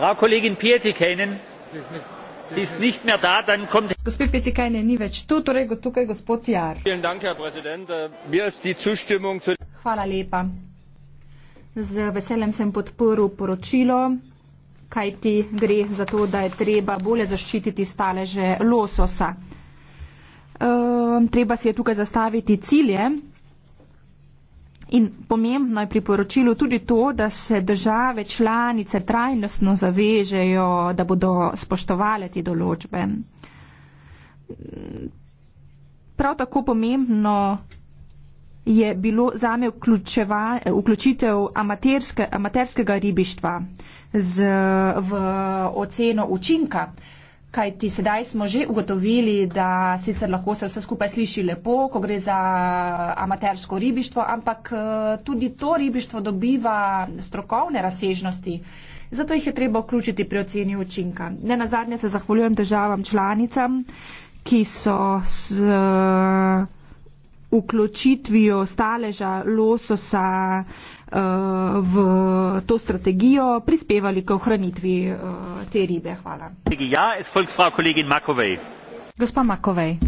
frau kollegin pietikäinen sie ist nicht mehr da dann kommt torej vielen dank herr präsident äh, mir ist die zustimmung zu Hvala lepa. Z veseljem sem podporil poročilo, kajti gre za to, da je treba bolje zaščititi staleže lososa. E, treba si je tukaj zastaviti cilje. In pomembno je pri poročilu tudi to, da se države članice trajnostno zavežejo, da bodo spoštovale te določbe. Prav tako pomembno je bilo zame vključitev amaterske, amaterskega ribištva z, v oceno učinka. Kajti sedaj smo že ugotovili, da sicer lahko se vse skupaj sliši lepo, ko gre za amatersko ribištvo, ampak eh, tudi to ribištvo dobiva strokovne razsežnosti. Zato jih je treba vključiti pri oceni učinka. Ne na zadnje se zahvaljujem državam članicam, ki so z eh, vključitvijo staleža lososa Eh, v to strategijo prispevali k ohranitvi eh, te ribe. Hvala. Ja, Gospa Makovej.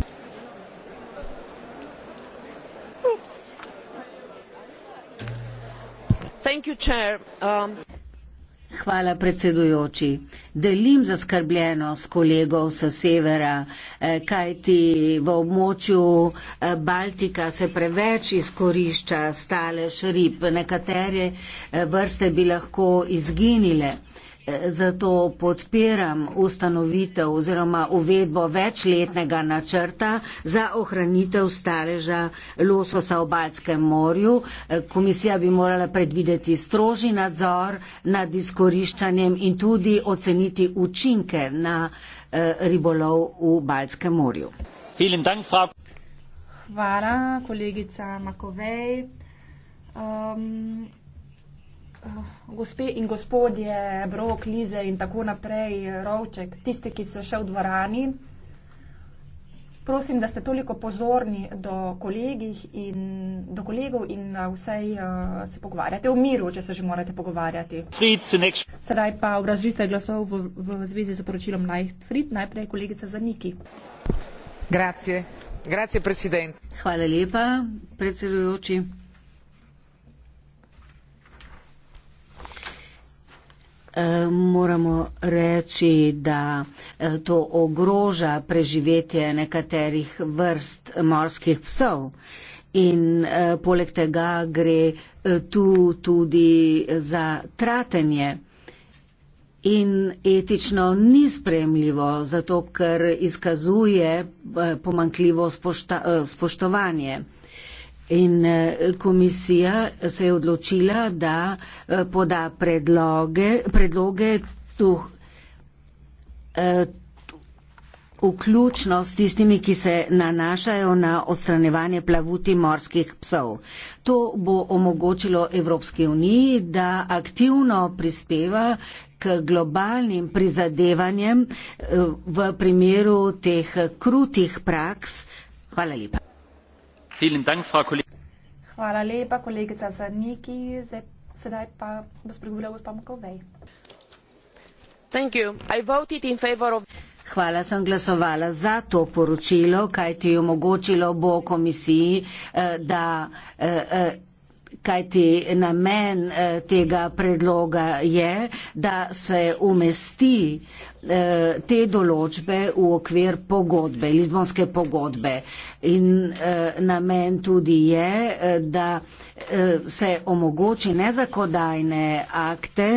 Thank you, Chair. Um... Hvala, predsedujoči. Delim zaskrbljeno s kolegov sa severa, eh, kajti v območju eh, Baltika se preveč izkorišča stalež rib. Nekatere eh, vrste bi lahko izginile. Zato podpiram ustanovitev oziroma uvedbo večletnega načrta za ohranitev staleža lososa v Baljskem morju. Komisija bi morala predvideti stroži nadzor nad izkoriščanjem in tudi oceniti učinke na eh, ribolov v Baljskem morju. Hvala, kolegica Makovej. Um, Gospe in gospodje, brok, lize in tako naprej, rovček, tisti, ki so še v dvorani, prosim, da ste toliko pozorni do, in, do kolegov in uh, vsej uh, se pogovarjate v miru, če se že morate pogovarjati. Sedaj pa obrazitve glasov v, v zvezi z poročilom Najfrit, najprej kolegica Zaniki. Grazie. Grazie, Hvala lepa, predsedujoči. Eh, moramo reči, da eh, to ogroža preživetje nekaterih vrst morskih psov. In eh, poleg tega gre eh, tu tudi za tratenje in etično ni spremljivo, zato ker izkazuje eh, pomankljivo spošta, eh, spoštovanje. In eh, komisija se je odločila, da eh, poda predloge, predloge tu, tu, eh, vključno s tistimi, ki se nanašajo na odstranjevanje plavuti morskih psov. To bo omogočilo Evropski uniji, da aktivno prispeva k globalnim prizadevanjem v primeru teh krutih praks. Hvala lepa. Hvala lepa, kolegica Zaniki. Sedaj pa bo spregovorila gospa Mukovej. Hvala, sem glasovala za to poročilo, kaj ti je omogočilo bo komisiji, eh, da. Eh, eh, kajti namen eh, tega predloga je, da se umesti eh, te določbe v okvir pogodbe, Lizbonske pogodbe. In eh, namen tudi je, da se omogoči nezakodajne akte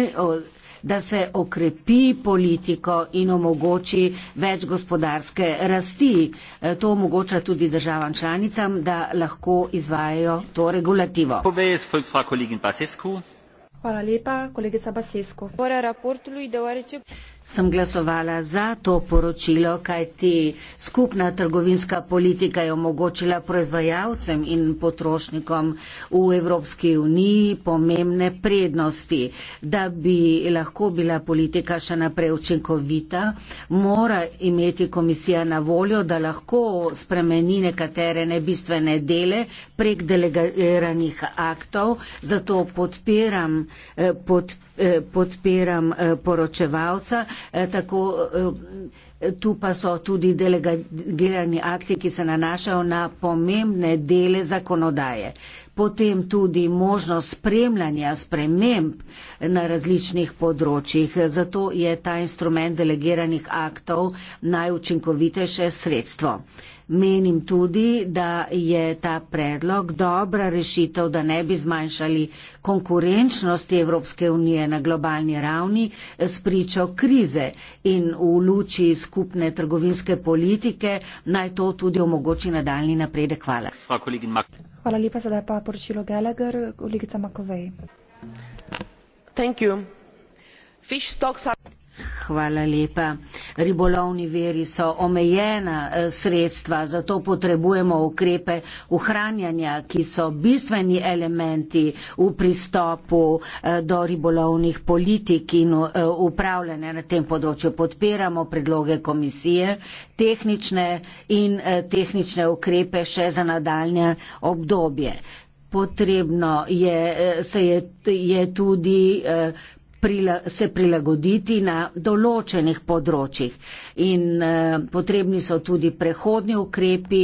da se okrepi politiko in omogoči več gospodarske rasti. E, to omogoča tudi državam članicam, da lahko izvajajo to regulativo. Hvala lepa, kolegica Basescu sem glasovala za to poročilo, kajti skupna trgovinska politika je omogočila proizvajalcem in potrošnikom v Evropski uniji pomembne prednosti. Da bi lahko bila politika še naprej učinkovita, mora imeti komisija na voljo, da lahko spremeni nekatere nebistvene dele prek delegiranih aktov, zato podpiram. Eh, podpiram Eh, podpiram eh, poročevalca, eh, tako tu pa so tudi delegirani akti, ki se nanašajo na pomembne dele zakonodaje. Potem tudi možnost spremljanja sprememb na različnih področjih. Zato je ta instrument delegiranih aktov najučinkovitejše sredstvo. Menim tudi, da je ta predlog dobra rešitev, da ne bi zmanjšali konkurenčnosti Evropske unije na globalni ravni s pričo krize in v luči skupne trgovinske politike naj to tudi omogoči nadaljni napredek. Hvala. Hvala, Hvala lepa, sedaj pa poročilo Gallagher, kolegica Makovej. Hvala lepa. Ribolovni veri so omejena eh, sredstva, zato potrebujemo ukrepe uhranjanja, ki so bistveni elementi v pristopu eh, do ribolovnih politik in eh, upravljanja na tem področju. Podpiramo predloge komisije, tehnične in tehnične ukrepe še za nadaljne obdobje. Potrebno je, se je, je tudi prila, se prilagoditi na določenih področjih. In eh, potrebni so tudi prehodni ukrepi,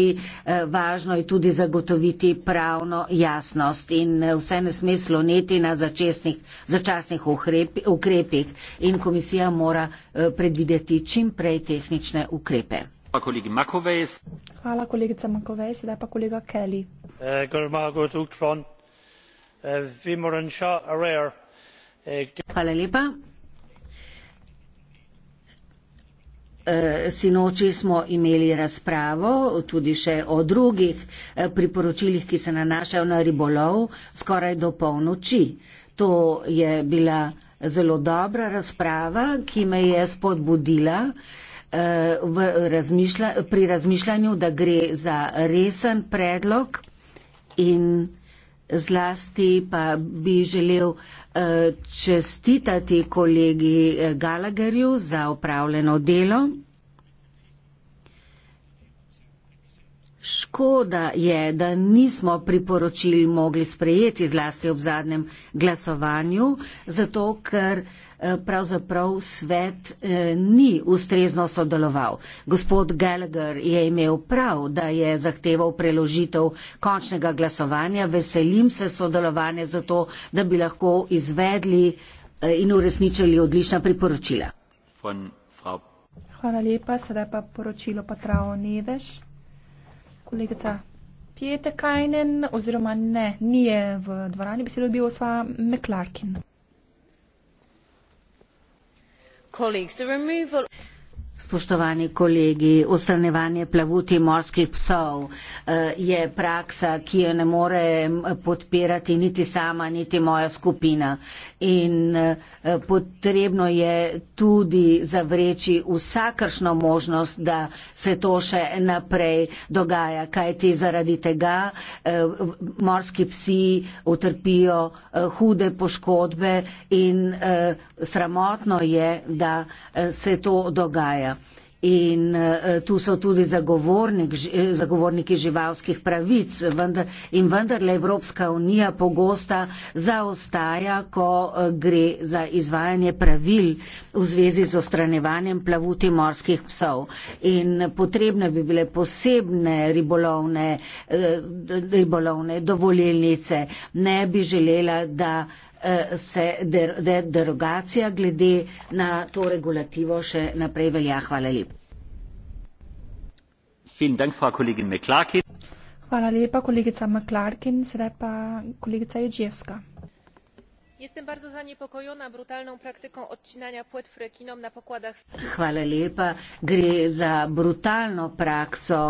eh, važno je tudi zagotoviti pravno jasnost in eh, vse ne sme sloneti na začasnih ukrepi, ukrepih in komisija mora eh, predvideti čim prej tehnične ukrepe. Hvala kolegica Makovej, sedaj pa kolega Kelly. Uh, Hvala lepa. Eh, sinoči smo imeli razpravo tudi še o drugih eh, priporočilih, ki se nanašajo na ribolov, skoraj do polnoči. To je bila zelo dobra razprava, ki me je spodbudila eh, v razmišlja, pri razmišljanju, da gre za resen predlog in zlasti pa bi želel eh, čestitati kolegi eh, Galagerju za opravljeno delo. Škoda je, da nismo priporočili mogli sprejeti zlasti ob zadnjem glasovanju, zato ker Eh, pravzaprav svet eh, ni ustrezno sodeloval. Gospod Gallagher je imel prav, da je zahteval preložitev končnega glasovanja. Veselim se sodelovanja za to, da bi lahko izvedli eh, in uresničili odlična priporočila. Hvala lepa. Sedaj pa poročilo Patrao Neveš. Kolegica Pieta Kajnen, oziroma ne, nije v dvorani, besedo bi osva McClarkin colleagues the removal. Spoštovani kolegi, ustranevanje plavuti morskih psov eh, je praksa, ki jo ne more podpirati niti sama, niti moja skupina. In eh, potrebno je tudi zavreči vsakršno možnost, da se to še naprej dogaja, kajti zaradi tega eh, morski psi utrpijo hude poškodbe in sramotno je, da se to dogaja. In uh, tu so tudi zagovornik, ži, eh, zagovorniki živalskih pravic vendar, in vendarle Evropska unija pogosta zaostaja, ko uh, gre za izvajanje pravil v zvezi z ostranevanjem plavuti morskih psov. In potrebne bi bile posebne ribolovne, uh, ribolovne dovoljenice. Ne bi želela, da. Uh, Eh, se der, der, derogacija glede na to regulativo še naprej velja. Hvala lepa. Hvala lepa, kolegica McClarkin. Sedaj pa kolegica Ježevska. Jestem bardzo zanepokojena brutalno praktiko odcinanja płetw rekinom na pokładach. Hvala lepa. Gre za brutalno prakso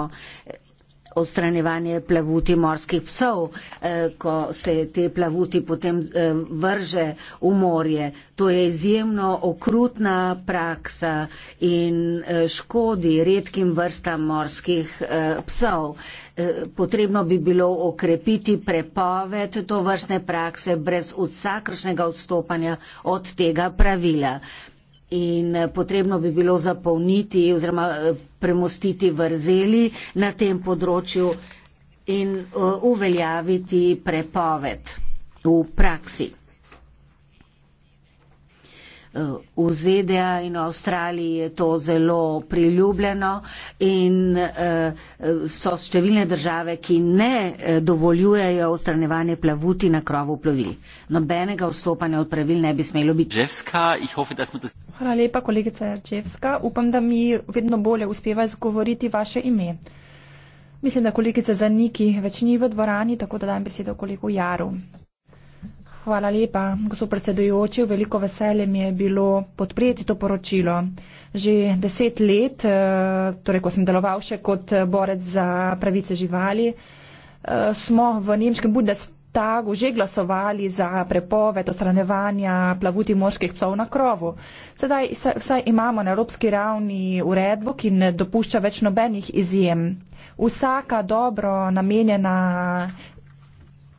odstranjevanje plavuti morskih psov, eh, ko se te plavuti potem eh, vrže v morje. To je izjemno okrutna praksa in eh, škodi redkim vrstam morskih psov. Potrebno bi bilo okrepiti prepoved to vrstne prakse brez vsakršnega odstopanja od tega pravila in potrebno bi bilo zapolniti oziroma eh, premostiti vrzeli na tem področju in eh, uveljaviti prepoved v praksi. V ZDA in Avstraliji je to zelo priljubljeno in eh, so številne države, ki ne eh, dovoljujejo ustranjevanje plavuti na krovu plovil. Nobenega vstopanja od pravil ne bi smelo biti. Hvala lepa, kolegica Jarčevska. Upam, da mi vedno bolje uspeva izgovoriti vaše ime. Mislim, da kolegica Zaniki več ni v dvorani, tako da dajem besedo kolegu Jaru. Hvala lepa, gospod predsedujoči. Veliko veselje mi je bilo podpreti to poročilo. Že deset let, eh, torej ko sem deloval še kot eh, borec za pravice živali, eh, smo v nemškem Bundestagu že glasovali za prepoved ostranevanja plavuti morskih psov na krovu. Sedaj vsaj imamo na evropski ravni uredbo, ki ne dopušča več nobenih izjem. Vsaka dobro namenjena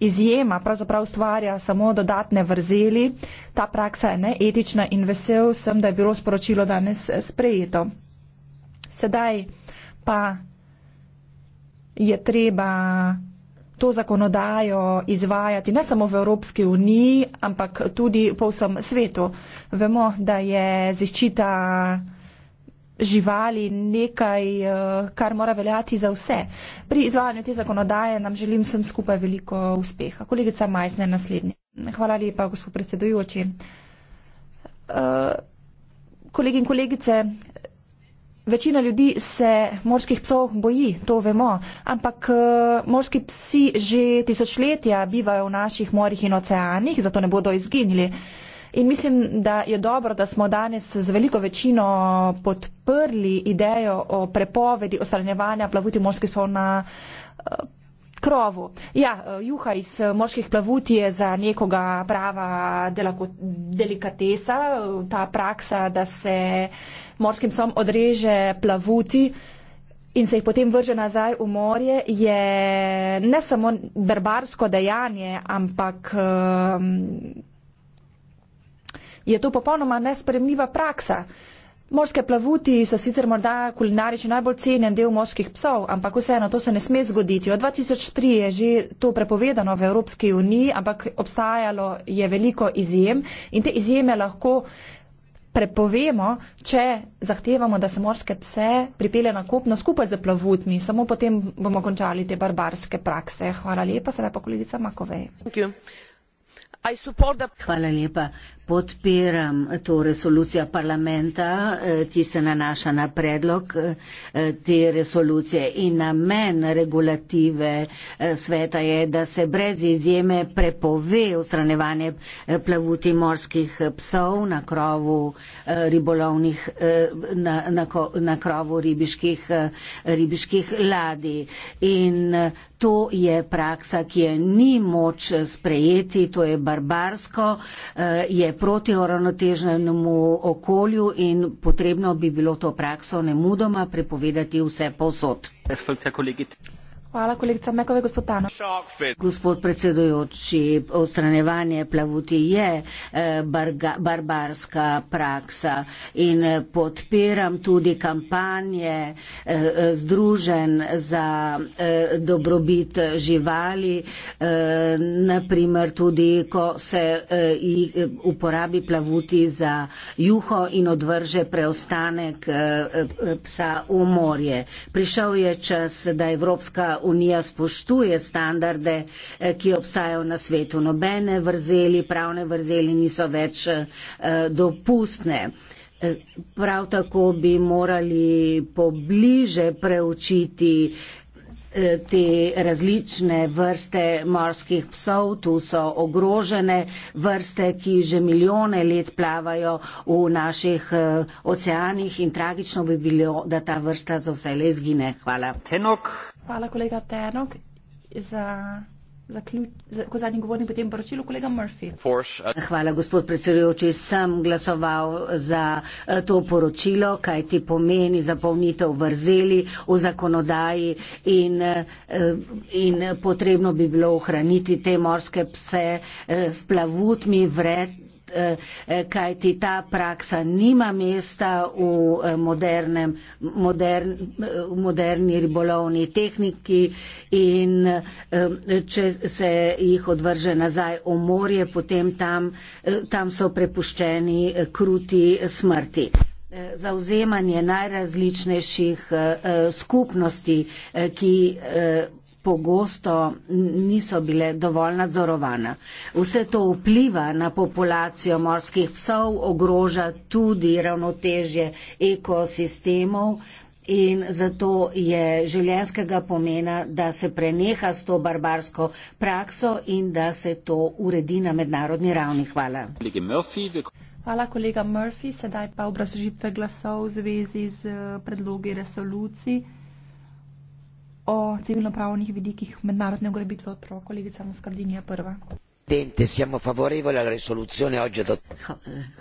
izjema pravzaprav ustvarja samo dodatne vrzeli. Ta praksa je neetična in vesel sem, da je bilo sporočilo danes eh, sprejeto. Sedaj pa je treba to zakonodajo izvajati ne samo v Evropski uniji, ampak tudi po vsem svetu. Vemo, da je zaščita živali nekaj, eh, kar mora veljati za vse. Pri izvajanju te zakonodaje nam želim vsem skupaj veliko uspeha. Kolegica Majsne, naslednji. Hvala lepa, gospod predsedujoči. Eh, kolegi in kolegice, večina ljudi se morskih psov boji, to vemo, ampak eh, morski psi že tisočletja bivajo v naših morjih in oceanih, zato ne bodo izginili. In mislim, da je dobro, da smo danes z veliko večino podprli idejo o prepovedi ostranjevanja plavuti morskih spol na eh, krovu. Ja, eh, juha iz eh, morskih plavut je za nekoga prava delikatesa, ta praksa, da se morskim som odreže plavuti in se jih potem vrže nazaj v morje, je ne samo barbarsko dejanje, ampak um, je to popolnoma nespremljiva praksa. Morske plavuti so sicer morda kulinarični najbolj cenjen del morskih psov, ampak vseeno to se ne sme zgoditi. Od 2003 je že to prepovedano v Evropski uniji, ampak obstajalo je veliko izjem in te izjeme lahko prepovemo, če zahtevamo, da se morske pse pripelje na kopno skupaj z plavutmi. Samo potem bomo končali te barbarske prakse. Hvala lepa, sedaj pa kolegica Makovej. Hvala lepa. Podpiram to resolucijo parlamenta, eh, ki se nanaša na predlog eh, te resolucije in namen regulative eh, sveta je, da se brez izjeme prepove ostranevanje plavuti morskih psov na krovu, ribolovnih, na, na, na krovu ribiških, ribiških ladi. In To je praksa, ki je ni moč sprejeti, to je barbarsko, je protiravnotežnemu okolju in potrebno bi bilo to prakso nemudoma prepovedati vse povsod. Hvala, kolegica Mekove, gospod Tano. Gospod predsedujoči, ostranjevanje plavuti je eh, barga, barbarska praksa in eh, podpiram tudi kampanje eh, združen za dobrobit živali, naprimer tudi, ko se uporabi plavuti za juho in odvrže preostanek psa v morje. Prišel je čas, da Evropska unija spoštuje standarde, eh, ki obstajajo na svetu. Nobene vrzeli, pravne vrzeli niso več eh, dopustne. Eh, prav tako bi morali pobliže preučiti Eh, te različne vrste morskih psov. Tu so ogrožene vrste, ki že milijone let plavajo v naših eh, oceanih in tragično bi bilo, da ta vrsta za vse le izgine. Hvala. Tenok. Hvala, kolega Tenok, za Zaključ, ko zadnji govornik potem poročilo, kolega Murphy. Uh, Hvala, gospod predsedujoči. Sem glasoval za uh, to poročilo, kaj ti pomeni zapolnitev vrzeli v zakonodaji in, uh, in potrebno bi bilo ohraniti te morske pse s plavutmi vred Eh, kajti ta praksa nima mesta v, eh, modernem, modern, eh, v moderni ribolovni tehniki in če se jih odvrže nazaj v morje, potem tam, tam so prepuščeni kruti smrti. Zauzemanje najrazličnejših skupnosti, ki pogosto niso bile dovolj nadzorovane. Vse to vpliva na populacijo morskih psov, ogroža tudi ravnotežje ekosistemov. In zato je življenskega pomena, da se preneha s to barbarsko prakso in da se to uredi na mednarodni ravni. Hvala. Hvala, kolega Murphy. Sedaj pa obrazložitve glasov v zvezi z eh, predlogi resolucij o civilno-pravnih vidikih mednarodne ugrabitve otrok, kolegica Moskardinija prva presidente, siamo favorevoli alla risoluzione oggi adottata.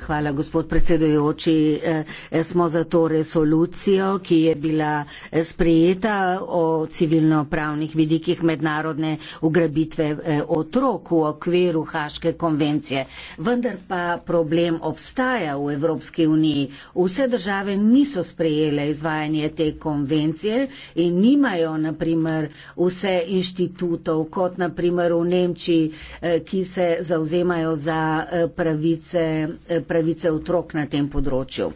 Hvala, gospod predsedujoči. Eh, eh, smo za to resolucijo, ki je bila eh, sprijeta o civilno-pravnih vidikih mednarodne ugrabitve otrok v okviru Haške konvencije. Vendar pa problem obstaja v Evropski uniji. Vse države niso sprejele izvajanje te konvencije in nimajo, naprimer, vse inštitutov, kot naprimer v Nemčiji, ki se zauzemajo za eh, pravice, eh, pravice otrok na tem področju.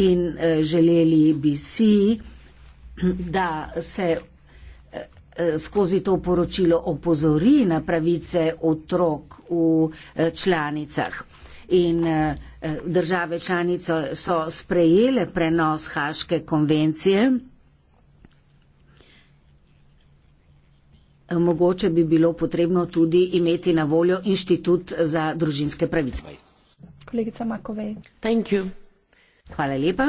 In eh, želeli bi si, da se skozi to poročilo opozori na pravice otrok v članicah. In države članice so sprejele prenos Haške konvencije. mogoče bi bilo potrebno tudi imeti na voljo inštitut za družinske pravice. Kolegica Makovej. Hvala lepa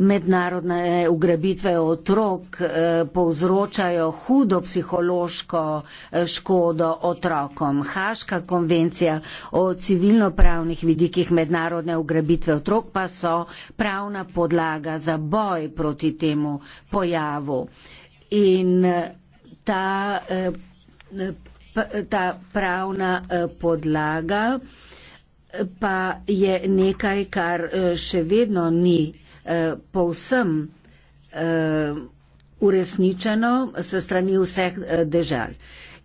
mednarodne ugrabitve otrok eh, povzročajo hudo psihološko eh, škodo otrokom. Haška konvencija o civilnopravnih vidikih mednarodne ugrabitve otrok pa so pravna podlaga za boj proti temu pojavu. In eh, ta, ta pravna podlaga pa je nekaj, kar še vedno ni eh, povsem eh, uresničeno se strani vseh eh, dežal.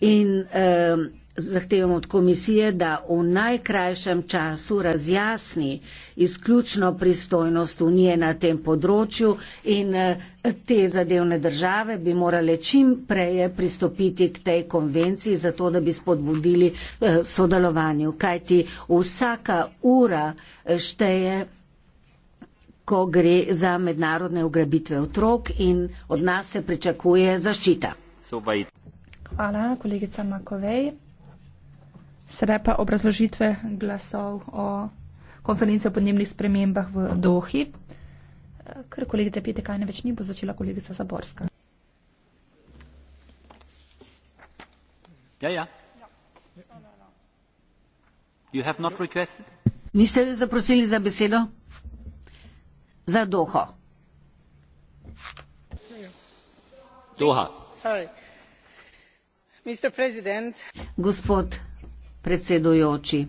In eh, zahtevamo od komisije, da v najkrajšem času razjasni izključno pristojnost unije na tem področju in eh, te zadevne države bi morale čim preje pristopiti k tej konvenciji, zato da bi spodbudili eh, sodelovanju. Kajti vsaka ura eh, šteje ko gre za mednarodne ugrabitve otrok in od nas se pričakuje zaščita. Hvala, kolegica Makovej. Sedaj pa obrazložitve glasov o konferenci o podnebnih spremembah v Dohi. Ker kolegica Pitekajne več ni, bo začela kolegica Zaborska. Ja, ja. Niste zaprosili za besedo? za doho gospod predsedujoči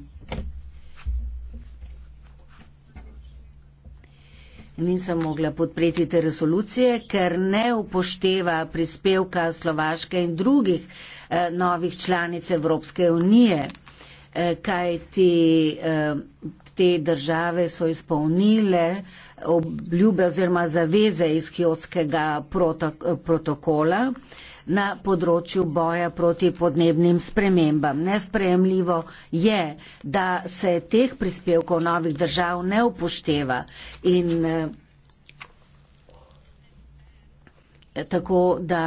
nisem mogla podpreti te resolucije ker ne upošteva prispevka slovaške in drugih eh, novih članic evropske unije eh, kaj ti eh, te države so izpolnile eh, obljube oziroma zaveze iz kiotskega protok protokola na področju boja proti podnebnim spremembam. Nesprejemljivo je, da se teh prispevkov novih držav ne upošteva in eh, tako, da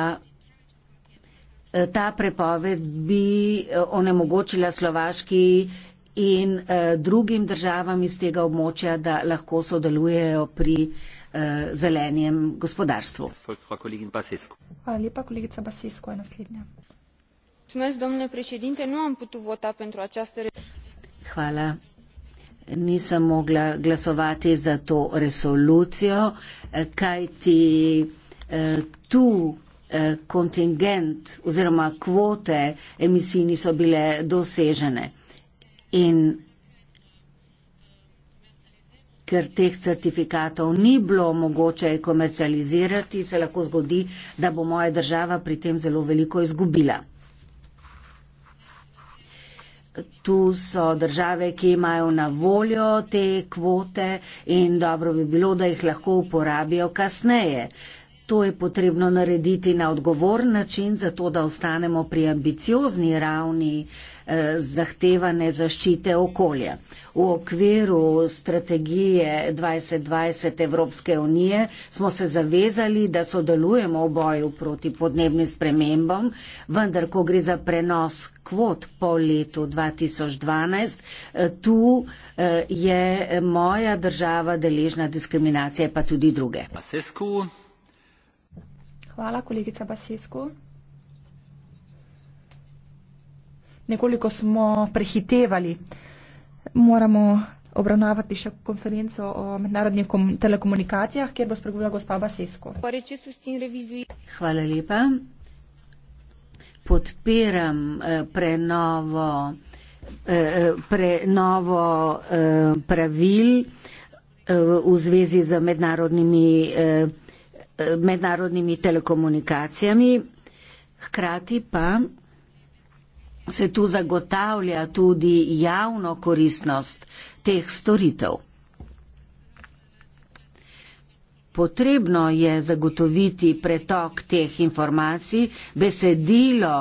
eh, ta prepoved bi eh, onemogočila slovaški in uh, drugim državam iz tega območja, da lahko sodelujejo pri uh, eh, zelenjem gospodarstvu. Hvala lepa, kolegica Basisko je naslednja. Hvala. Nisem mogla glasovati za to resolucijo, eh, kajti tu kontingent oziroma kvote emisij niso bile dosežene in ker teh certifikatov ni bilo mogoče komercializirati, se lahko zgodi, da bo moja država pri tem zelo veliko izgubila. Tu so države, ki imajo na voljo te kvote in dobro bi bilo, da jih lahko uporabijo kasneje. To je potrebno narediti na odgovor način, zato da ostanemo pri ambiciozni ravni eh, Eh, zahtevane zaščite okolja. V okviru strategije 2020 Evropske unije smo se zavezali, da sodelujemo v boju proti podnebnim spremembam, vendar ko gre za prenos kvot po letu 2012, eh, tu eh, je moja država deležna diskriminacije, pa tudi druge. Basescu. Hvala, kolegica Basescu. nekoliko smo prehitevali. Moramo obravnavati še konferenco o mednarodnih telekomunikacijah, kjer bo spregovila gospa Basesko. Hvala lepa. Podpiram eh, prenovo, eh, eh, prenovo pravil v zvezi z mednarodnimi, mednarodnimi telekomunikacijami. Hkrati pa se tu zagotavlja tudi javno koristnost teh storitev. Potrebno je zagotoviti pretok teh informacij, besedilo,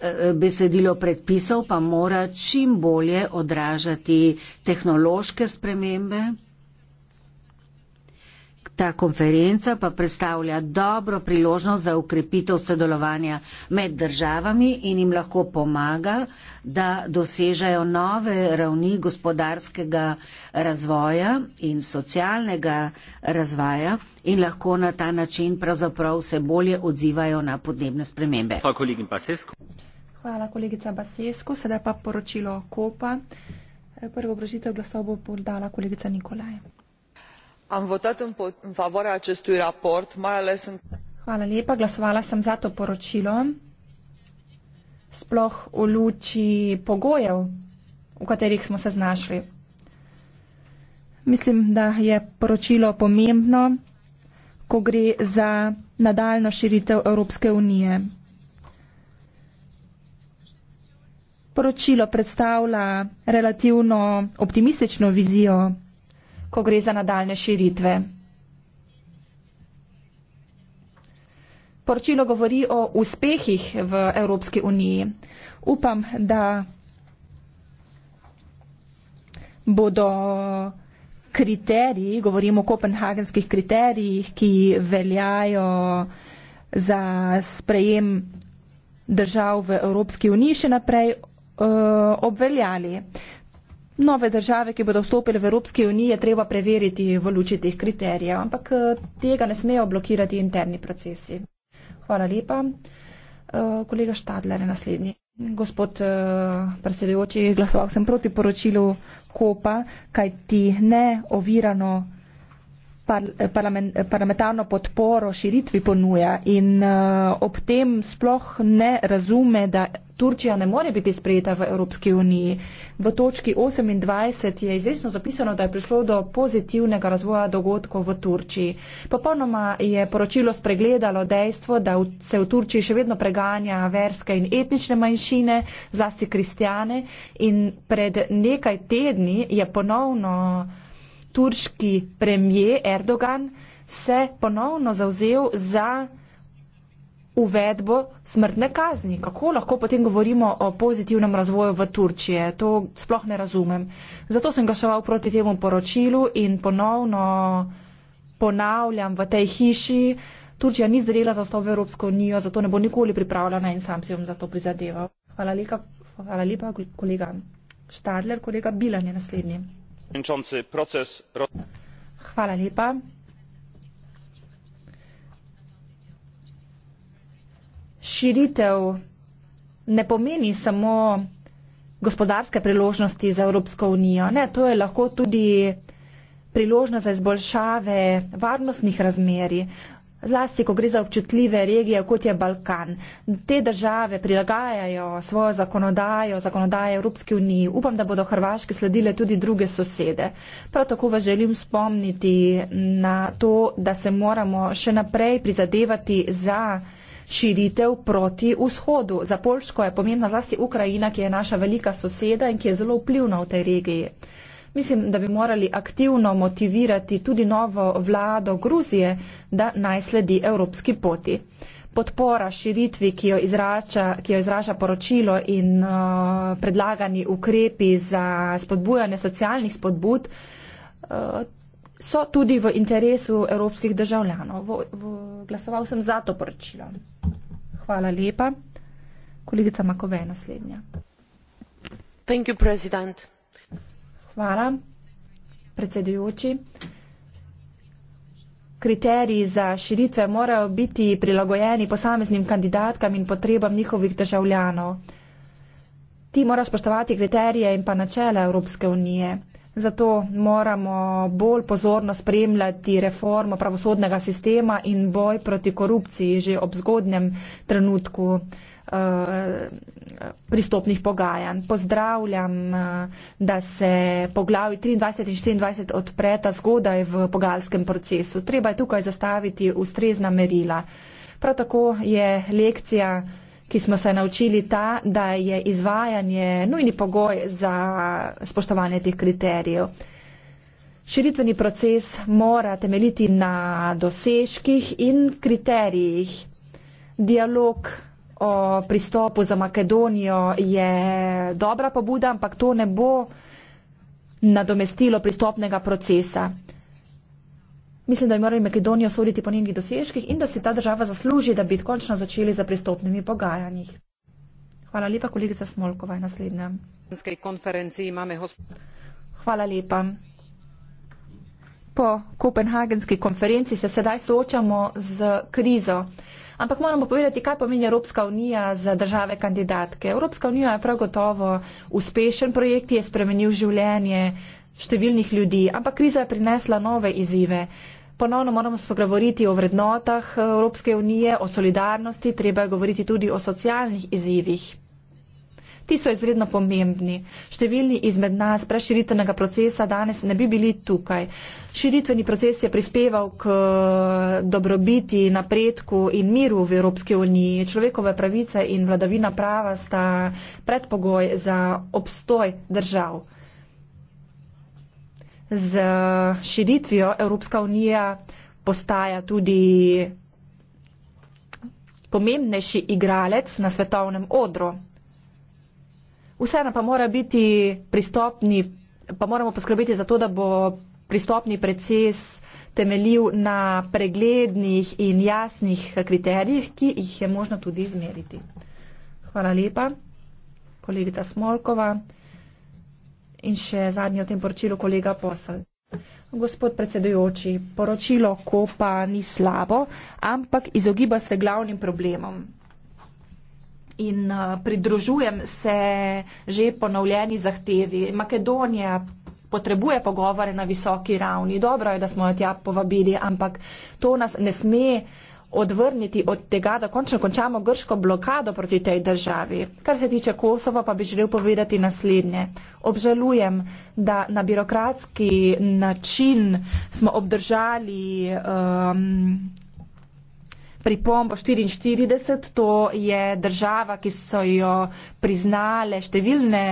eh, besedilo predpisov pa mora čim bolje odražati tehnološke spremembe. Ta konferenca pa predstavlja dobro priložnost za ukrepitev sodelovanja med državami in jim lahko pomaga, da dosežajo nove ravni gospodarskega razvoja in socialnega razvoja in lahko na ta način pravzaprav se bolje odzivajo na podnebne spremembe. Hvala, kolegica Basesko. Sedaj pa poročilo Kopa. Prvo obrožitev glasov bo podala kolegica Nikolaj am votat în favoarea acestui raport mai ales în. Hvala lepa, glasovala sem za to poročilo, sploh v luči pogojev, v katerih smo se znašli. Mislim, da je poročilo pomembno, ko gre za nadaljno širitev Evropske unije. Poročilo predstavlja relativno optimistično vizijo ko gre za nadaljne širitve. Poročilo govori o uspehih v Evropski uniji. Upam, da bodo kriteriji, govorimo o kopenhagenskih kriterijih, ki veljajo za sprejem držav v Evropski uniji še naprej eh, obveljali. Nove države, ki bodo vstopile v Evropski uniji, je treba preveriti v luči teh kriterijev, ampak eh, tega ne smejo blokirati interni procesi. Hvala lepa. Eh, kolega Štadler je naslednji. Gospod eh, predsedujoči, glasoval sem proti poročilu Kopa, kaj ti ne ovirano Eh, eh, parlamentarno podporo širitvi ponuja in eh, ob tem sploh ne razume, da Turčija ne more biti sprejeta v Evropski uniji. V točki 28 je izrečno zapisano, da je prišlo do pozitivnega razvoja dogodkov v Turčiji. Popolnoma je poročilo spregledalo dejstvo, da se v Turčiji še vedno preganja verske in etnične manjšine, zlasti kristjane in pred nekaj tedni je ponovno turški premijer Erdogan se ponovno zauzel za uvedbo smrtne kazni. Kako lahko potem govorimo o pozitivnem razvoju v Turčije? To sploh ne razumem. Zato sem glasoval proti temu poročilu in ponovno ponavljam v tej hiši. Turčija ni zrela za vstop v Evropsko unijo, zato ne bo nikoli pripravljena in sam si bom za to prizadeval. Hvala lepa, hvala lepa kolega Štadler, kolega Bilan je naslednji. Okay kończący proces širitev ne pomeni samo gospodarske priložnosti za Evropsko unijo. Ne, to je lahko tudi priložnost za izboljšave varnostnih razmeri zlasti ko gre za občutljive regije, kot je Balkan. Te države prilagajajo svojo zakonodajo, zakonodajo Evropske unije. Upam, da bodo Hrvaške sledile tudi druge sosede. Prav tako vas želim spomniti na to, da se moramo še naprej prizadevati za širitev proti vzhodu. Za Polško je pomembna zlasti Ukrajina, ki je naša velika soseda in ki je zelo vplivna v tej regiji. Mislim, da bi morali aktivno motivirati tudi novo vlado Gruzije, da naj sledi evropski poti. Podpora širitvi, ki jo izraža, ki jo izraža poročilo in uh, predlagani ukrepi za spodbujanje socialnih spodbud, uh, so tudi v interesu evropskih državljanov. V, v, glasoval sem za to poročilo. Hvala lepa. Kolegica Makove je naslednja. Thank you, President. Hvala. Predsedujoči. Kriteriji za širitve morajo biti prilagojeni posameznim kandidatkam in potrebam njihovih državljanov. Ti moraš spoštovati kriterije in pa načele Evropske unije. Zato moramo bolj pozorno spremljati reformo pravosodnega sistema in boj proti korupciji že ob zgodnjem trenutku. Eh, pristopnih pogajanj. Pozdravljam, eh, da se poglavi 23 in 24 odpreta zgodaj v pogajalskem procesu. Treba je tukaj zastaviti ustrezna merila. Prav tako je lekcija, ki smo se naučili, ta, da je izvajanje nujni pogoj za spoštovanje teh kriterijev. Širitveni proces mora temeljiti na dosežkih in kriterijih. Dialog o pristopu za Makedonijo je dobra pobuda, ampak to ne bo nadomestilo pristopnega procesa. Mislim, da bi morali Makedonijo soditi po njenih dosežkih in da si ta država zasluži, da bi končno začeli za pristopnimi pogajanjih. Hvala lepa, kolegica Smolkova je naslednja. Hvala lepa. Po kopenhagenski konferenci se sedaj soočamo z krizo. Ampak moramo povedati, kaj pomeni Evropska unija za države kandidatke. Evropska unija je prav gotovo uspešen projekt, je spremenil življenje številnih ljudi, ampak kriza je prinesla nove izzive. Ponovno moramo spogovoriti o vrednotah Evropske unije, o solidarnosti, treba je govoriti tudi o socialnih izzivih. Ti so izredno pomembni. Številni izmed nas brez širitvenega procesa danes ne bi bili tukaj. Širitveni proces je prispeval k eh, dobrobiti, napredku in miru v Evropski uniji. Človekove pravice in vladavina prava sta predpogoj za obstoj držav. Z eh, širitvijo Evropska unija postaja tudi pomembnejši igralec na svetovnem odru. Vseeno pa mora biti pristopni, pa moramo poskrbeti za to, da bo pristopni proces temeljil na preglednih in jasnih kriterijih, ki jih je možno tudi izmeriti. Hvala lepa, kolegica Smolkova. In še zadnji o tem poročilu, kolega Posel. Gospod predsedujoči, poročilo KOPA ni slabo, ampak izogiba se glavnim problemom in eh, pridružujem se že ponovljeni zahtevi. Makedonija potrebuje pogovore na visoki ravni. Dobro je, da smo jo tja povabili, ampak to nas ne sme odvrniti od tega, da končno končamo grško blokado proti tej državi. Kar se tiče Kosova, pa bi želel povedati naslednje. Obžalujem, da na birokratski način smo obdržali um, pripombo 44, to je država, ki so jo priznale številne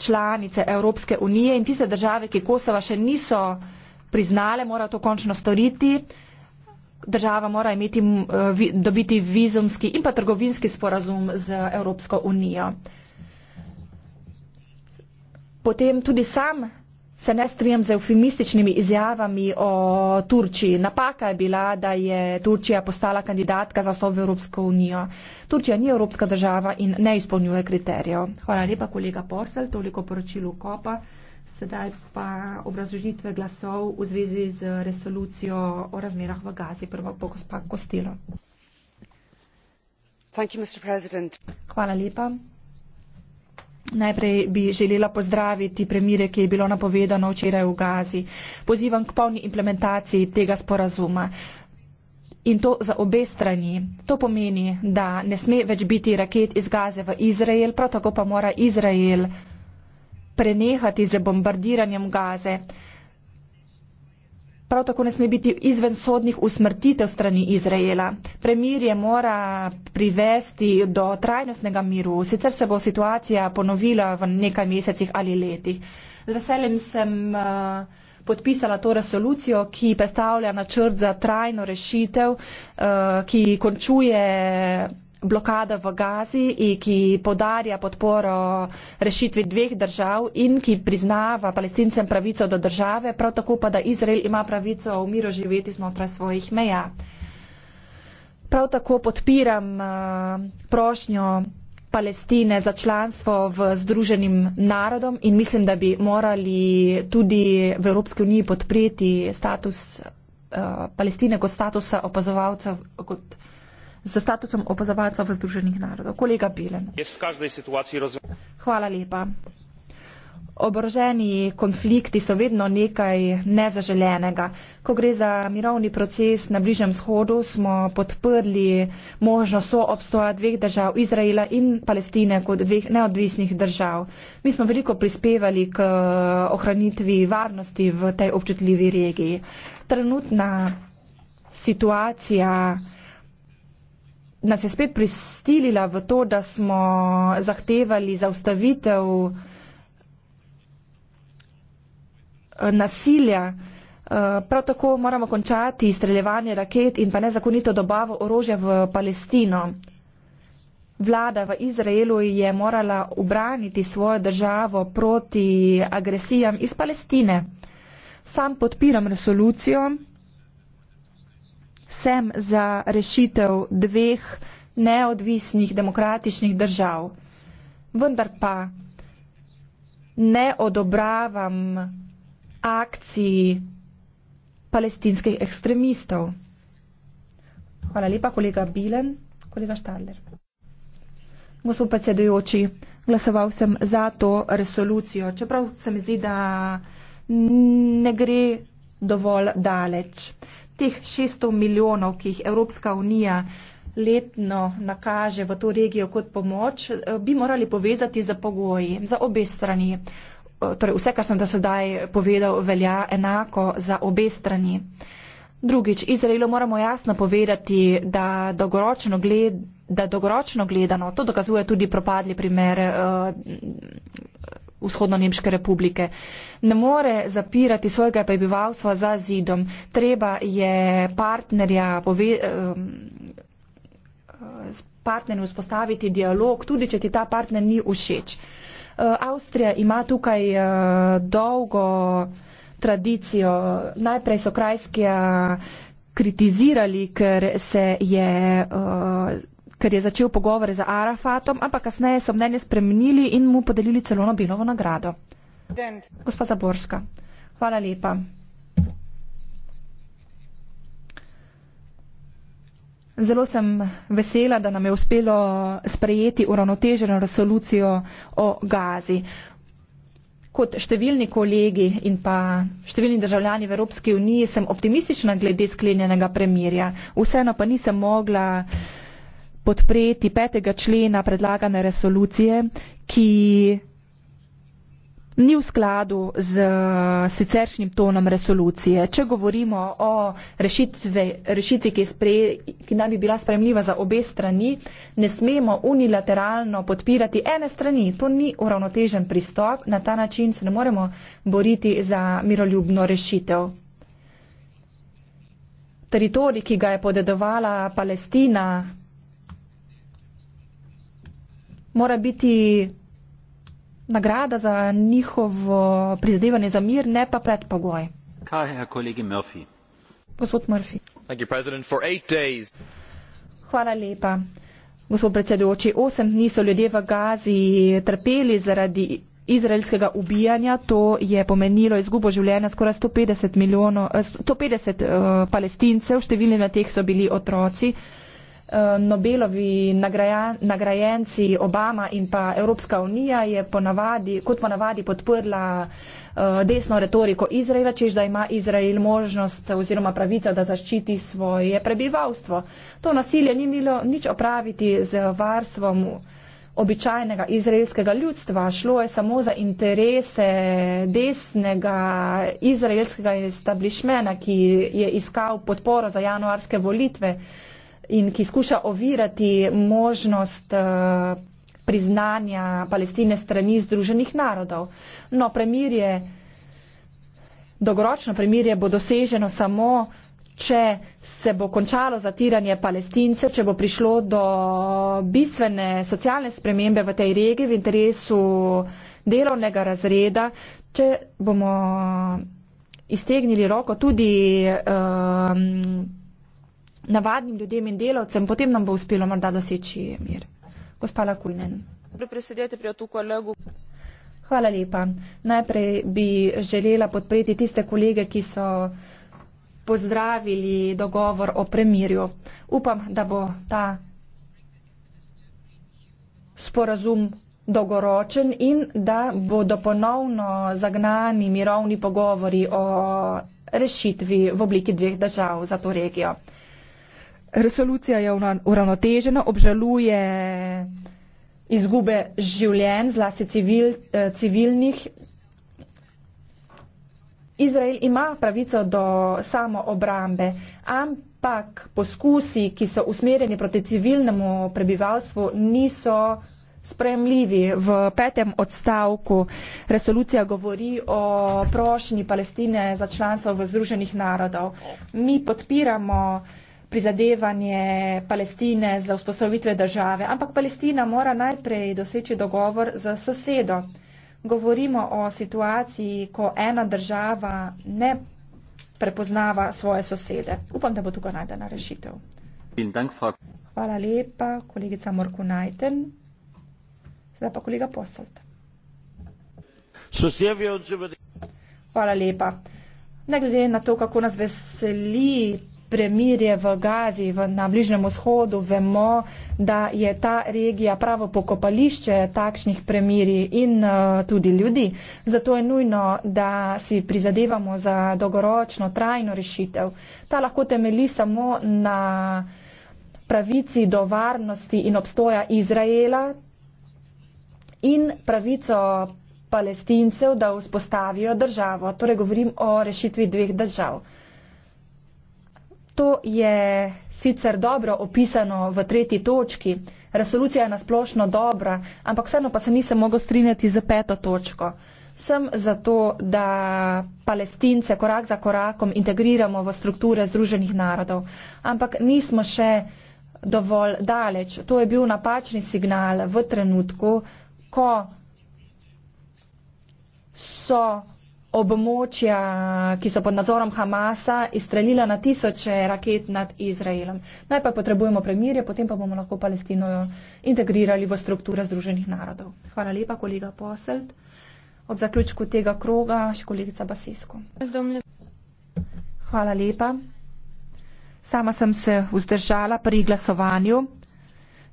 članice Evropske unije in tiste države, ki Kosova še niso priznale, mora to končno storiti. Država mora imeti, eh, dobiti vizumski in pa trgovinski sporazum z Evropsko unijo. Potem tudi sam se ne strijam z eufemističnimi izjavami o Turčiji. Napaka je bila, da je Turčija postala kandidatka za slov Evropsko unijo. Turčija ni evropska država in ne izpolnjuje kriterijev. Hvala lepa, kolega Porsel, toliko poročilo Kopa. Sedaj pa obrazložitve glasov v zvezi z resolucijo o razmerah v Gazi. Prva bo gospa Kostilo. Hvala lepa. Najprej bi želela pozdraviti premire, ki je bilo napovedano včeraj v Gazi. Pozivam k polni implementaciji tega sporazuma. In to za obe strani. To pomeni, da ne sme več biti raket iz Gaze v Izrael, prav tako pa mora Izrael prenehati z bombardiranjem Gaze. Prav tako ne sme biti izven sodnih usmrtitev strani Izraela. Premirje mora privesti do trajnostnega miru, sicer se bo situacija ponovila v nekaj mesecih ali letih. Z veseljem sem uh, podpisala to resolucijo, ki predstavlja načrt za trajno rešitev, uh, ki končuje blokada v Gazi, ki podarja podporo rešitvi dveh držav in ki priznava palestincem pravico do države, prav tako pa, da Izrael ima pravico v miru živeti znotraj svojih meja. Prav tako podpiram eh, prošnjo Palestine za članstvo v Združenim narodom in mislim, da bi morali tudi v Evropski uniji podpreti status eh, Palestine kot statusa opazovalca. Kot za statusom opazovalca v Združenih narodov. Kolega Belen. Jaz v každej situaciji razumem. Hvala lepa. Oboroženi konflikti so vedno nekaj nezaželenega. Ko gre za mirovni proces na Bližnem shodu, smo podprli možnost soobstoja dveh držav, Izraela in Palestine, kot dveh neodvisnih držav. Mi smo veliko prispevali k eh, ohranitvi varnosti v tej občutljivi regiji. Trenutna situacija nas je spet pristilila v to, da smo zahtevali zaustavitev eh, nasilja. Eh, prav tako moramo končati streljevanje raket in pa nezakonito dobavo orožja v Palestino. Vlada v Izraelu je morala obraniti svojo državo proti agresijam iz Palestine. Sam podpiram resolucijo sem za rešitev dveh neodvisnih demokratičnih držav. Vendar pa ne odobravam akciji palestinskih ekstremistov. Hvala lepa, kolega Bilen, kolega Štadler. Gospod predsedujoči, glasoval sem za to resolucijo, čeprav se mi zdi, da ne gre dovolj daleč teh 600 milijonov, ki jih Evropska unija letno nakaže v to regijo kot pomoč, eh, bi morali povezati za pogoji, za obe strani. Eh, torej, vse, kar sem do sedaj povedal, velja enako za obe strani. Drugič, Izraelu moramo jasno povedati, da dolgoročno, gled, da dolgoročno gledano, to dokazuje tudi propadli primer. Uh, vzhodno-nemške republike. Ne more zapirati svojega prebivalstva za zidom. Treba je partnerja pove, s partnerjem vzpostaviti dialog, tudi če ti ta partner ni všeč. E, Avstrija ima tukaj e, dolgo tradicijo. Najprej so krajski kritizirali, ker se je uh, ker je začel pogovore z Arafatom, ampak kasneje so mnenje spremenili in mu podelili celo Nobelovo nagrado. Dent. Gospa Zaborska, hvala lepa. Zelo sem vesela, da nam je uspelo sprejeti uravnoteženo resolucijo o gazi. Kot številni kolegi in pa številni državljani v Evropski uniji sem optimistična glede sklenjenega premirja. Vseeno pa nisem mogla podpreti petega člena predlagane resolucije, ki ni v skladu z eh, siceršnjim tonom resolucije. Če govorimo o rešitve, rešitvi, ki, spre, ki naj bi bila spremljiva za obe strani, ne smemo unilateralno podpirati ene strani. To ni uravnotežen pristop, na ta način se ne moremo boriti za miroljubno rešitev. Teritorij, ki ga je podedovala Palestina mora biti nagrada za njihovo prizadevanje za mir, ne pa predpogoj. Kaj je kolegi Murphy? Gospod Murphy. Thank you, President, for eight days. Hvala lepa. Gospod predsedujoči, osem dni so ljudje v Gazi trpeli zaradi izraelskega ubijanja. To je pomenilo izgubo življenja skoraj 150, milijono, 150 uh, palestincev, številni na teh so bili otroci. Uh, Eh, Nobelovi nagraja, nagrajenci Obama in pa Evropska unija je ponavadi, kot ponavadi podprla eh, desno retoriko Izraela, čež da ima Izrael možnost oziroma pravico, da zaščiti svoje prebivalstvo. To nasilje ni imelo nič opraviti z varstvom običajnega izraelskega ljudstva. Šlo je samo za interese desnega izraelskega establishmenta, ki je iskal podporo za januarske volitve in ki skuša ovirati možnost eh, priznanja Palestine strani Združenih narodov. No, premirje, dogoročno premirje bo doseženo samo, če se bo končalo zatiranje palestince, če bo prišlo do bistvene socialne spremembe v tej regiji v interesu delovnega razreda, če bomo iztegnili roko tudi um, navadnim ljudem in delavcem, potem nam bo uspelo morda doseči mir. Gospa Lakujnen. Hvala lepa. Najprej bi želela podpreti tiste kolege, ki so pozdravili dogovor o premirju. Upam, da bo ta sporazum dolgoročen in da bodo ponovno zagnani mirovni pogovori o rešitvi v obliki dveh držav za to regijo resolucija je uravnotežena, obžaluje izgube življenj, zlasti civil, eh, civilnih. Izrael ima pravico do samoobrambe, ampak poskusi, ki so usmerjeni proti civilnemu prebivalstvu, niso spremljivi. V petem odstavku resolucija govori o prošnji Palestine za članstvo v Združenih narodov. Mi podpiramo uh, prizadevanje Palestine za vzpostavitve države, ampak Palestina mora najprej doseči dogovor z sosedo. Govorimo o situaciji, ko ena država ne prepoznava svoje sosede. Upam, da bo tukaj najdena rešitev. Hvala lepa, kolegica Morku Najten. Zdaj pa kolega Poselt. Hvala lepa. Ne glede na to, kako nas veseli premirje v Gazi, v, na Bližnem vzhodu, vemo, da je ta regija pravo pokopališče takšnih premirij in uh, tudi ljudi. Zato je nujno, da si prizadevamo za dolgoročno, trajno rešitev. Ta lahko temeli samo na pravici do varnosti in obstoja Izraela in pravico palestincev, da vzpostavijo državo. Torej govorim o rešitvi dveh držav. To je sicer dobro opisano v tretji točki, resolucija je nasplošno dobra, ampak vseeno pa se nisem mogel strinjati za peto točko. Sem zato, da palestince korak za korakom integriramo v strukture Združenih narodov, ampak nismo še dovolj daleč. To je bil napačni signal v trenutku, ko so območja, ki so pod nadzorom Hamasa, izstrelila na tisoče raket nad Izraelom. Najprej potrebujemo premirje, potem pa bomo lahko Palestino integrirali v strukture Združenih narodov. Hvala lepa, kolega Poselt. Ob zaključku tega kroga še kolegica Basisko. Hvala lepa. Sama sem se vzdržala pri glasovanju.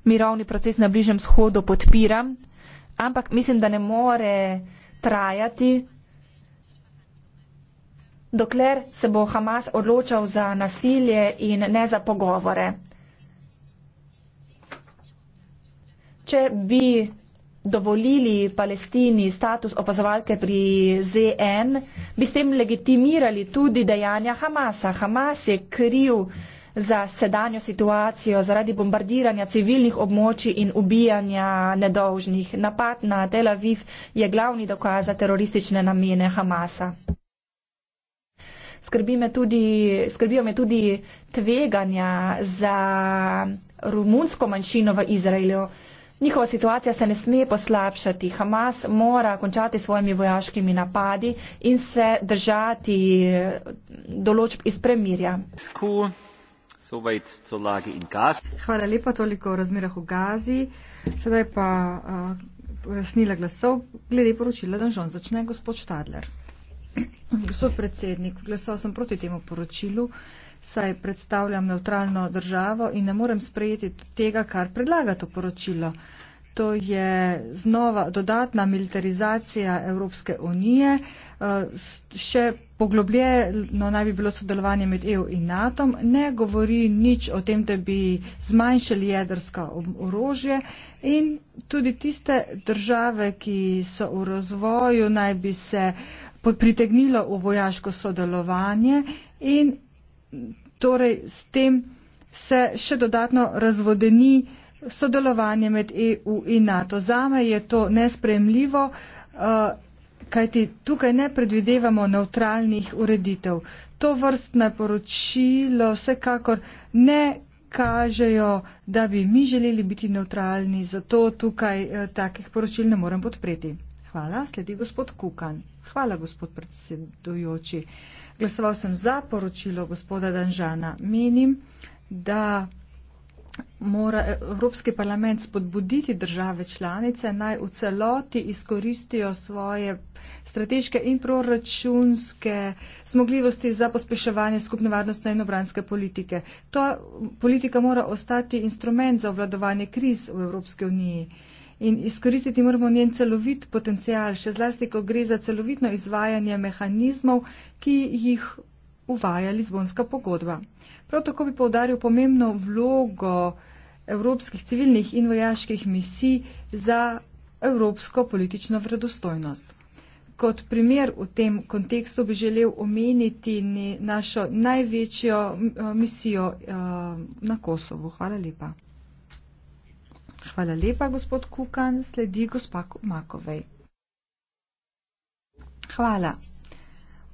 Mirovni proces na Bližnem shodu podpiram, ampak mislim, da ne more trajati dokler se bo Hamas odločal za nasilje in ne za pogovore. Če bi dovolili Palestini status opazovalke pri ZN, bi s tem legitimirali tudi dejanja Hamasa. Hamas je kriv za sedanjo situacijo zaradi bombardiranja civilnih območij in ubijanja nedolžnih. Napad na Tel Aviv je glavni dokaz za teroristične namene Hamasa skrbi me tudi, skrbijo me tudi tveganja za rumunsko manjšino v Izraelu. Njihova situacija se ne sme poslabšati. Hamas mora končati svojimi vojaškimi napadi in se držati eh, določb iz premirja. Hvala lepa toliko o razmerah v Gazi. Sedaj pa uh, eh, resnila glasov glede poročila, da žon začne gospod Štadler. Gospod predsednik, glasoval sem proti temu poročilu, saj predstavljam neutralno državo in ne morem sprejeti tega, kar predlaga to poročilo. To je znova dodatna militarizacija Evropske unije, eh, še poglobljeno naj bi bilo sodelovanje med EU in NATO, ne govori nič o tem, da bi zmanjšali jedrska orožje in tudi tiste države, ki so v razvoju, naj bi se uh, pritegnilo v vojaško sodelovanje in torej s tem se še dodatno razvodeni sodelovanje med EU in NATO. Zame je to nespremljivo, eh, kajti tukaj ne predvidevamo neutralnih ureditev. To vrstne poročilo vsekakor ne kažejo, da bi mi želeli biti neutralni, zato tukaj eh, takih poročil ne morem podpreti. Hvala, sledi gospod Kukan. Hvala, gospod predsedujoči. Glasoval sem za poročilo gospoda Danžana. Menim, da mora Evropski parlament spodbuditi države članice, naj v celoti izkoristijo svoje strateške in proračunske zmogljivosti za pospeševanje skupne varnostne in obranske politike. To politika mora ostati instrument za obvladovanje kriz v Evropski uniji. Uh, in izkoristiti moramo njen celovit potencial, še zlasti, ko gre za celovitno izvajanje mehanizmov, ki jih uvaja Lizbonska pogodba. Prav tako bi povdaril pomembno vlogo evropskih civilnih in vojaških misij za evropsko politično vredostojnost. Kot primer v tem kontekstu bi želel omeniti našo največjo eh, misijo eh, na Kosovu. Hvala lepa. Hvala lepa, gospod Kukan. Sledi gospa Makovej. Hvala.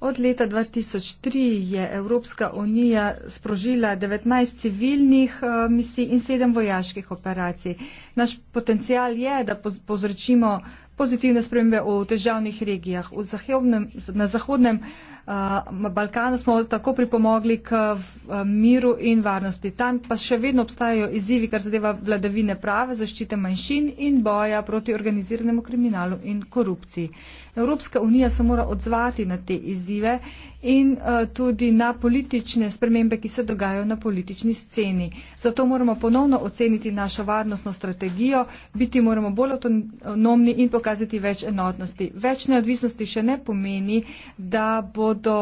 Od leta 2003 je Evropska unija sprožila 19 civilnih eh, misij in 7 vojaških operacij. Naš potencial je, da povzročimo pozitivne spremembe v težavnih regijah. V zahodnem, na zahodnem Uh, Balkanu smo tako pripomogli k eh, miru in varnosti. Tam pa še vedno obstajajo izzivi, kar zadeva vladavine prave, zaščite manjšin in boja proti organiziranemu kriminalu in korupciji. Evropska unija se mora odzvati na te izzive in eh, tudi na politične spremembe, ki se dogajajo na politični sceni. Zato moramo ponovno oceniti našo varnostno strategijo, biti moramo bolj autonomni in pokazati več enotnosti. Več neodvisnosti še ne pomeni, da bodo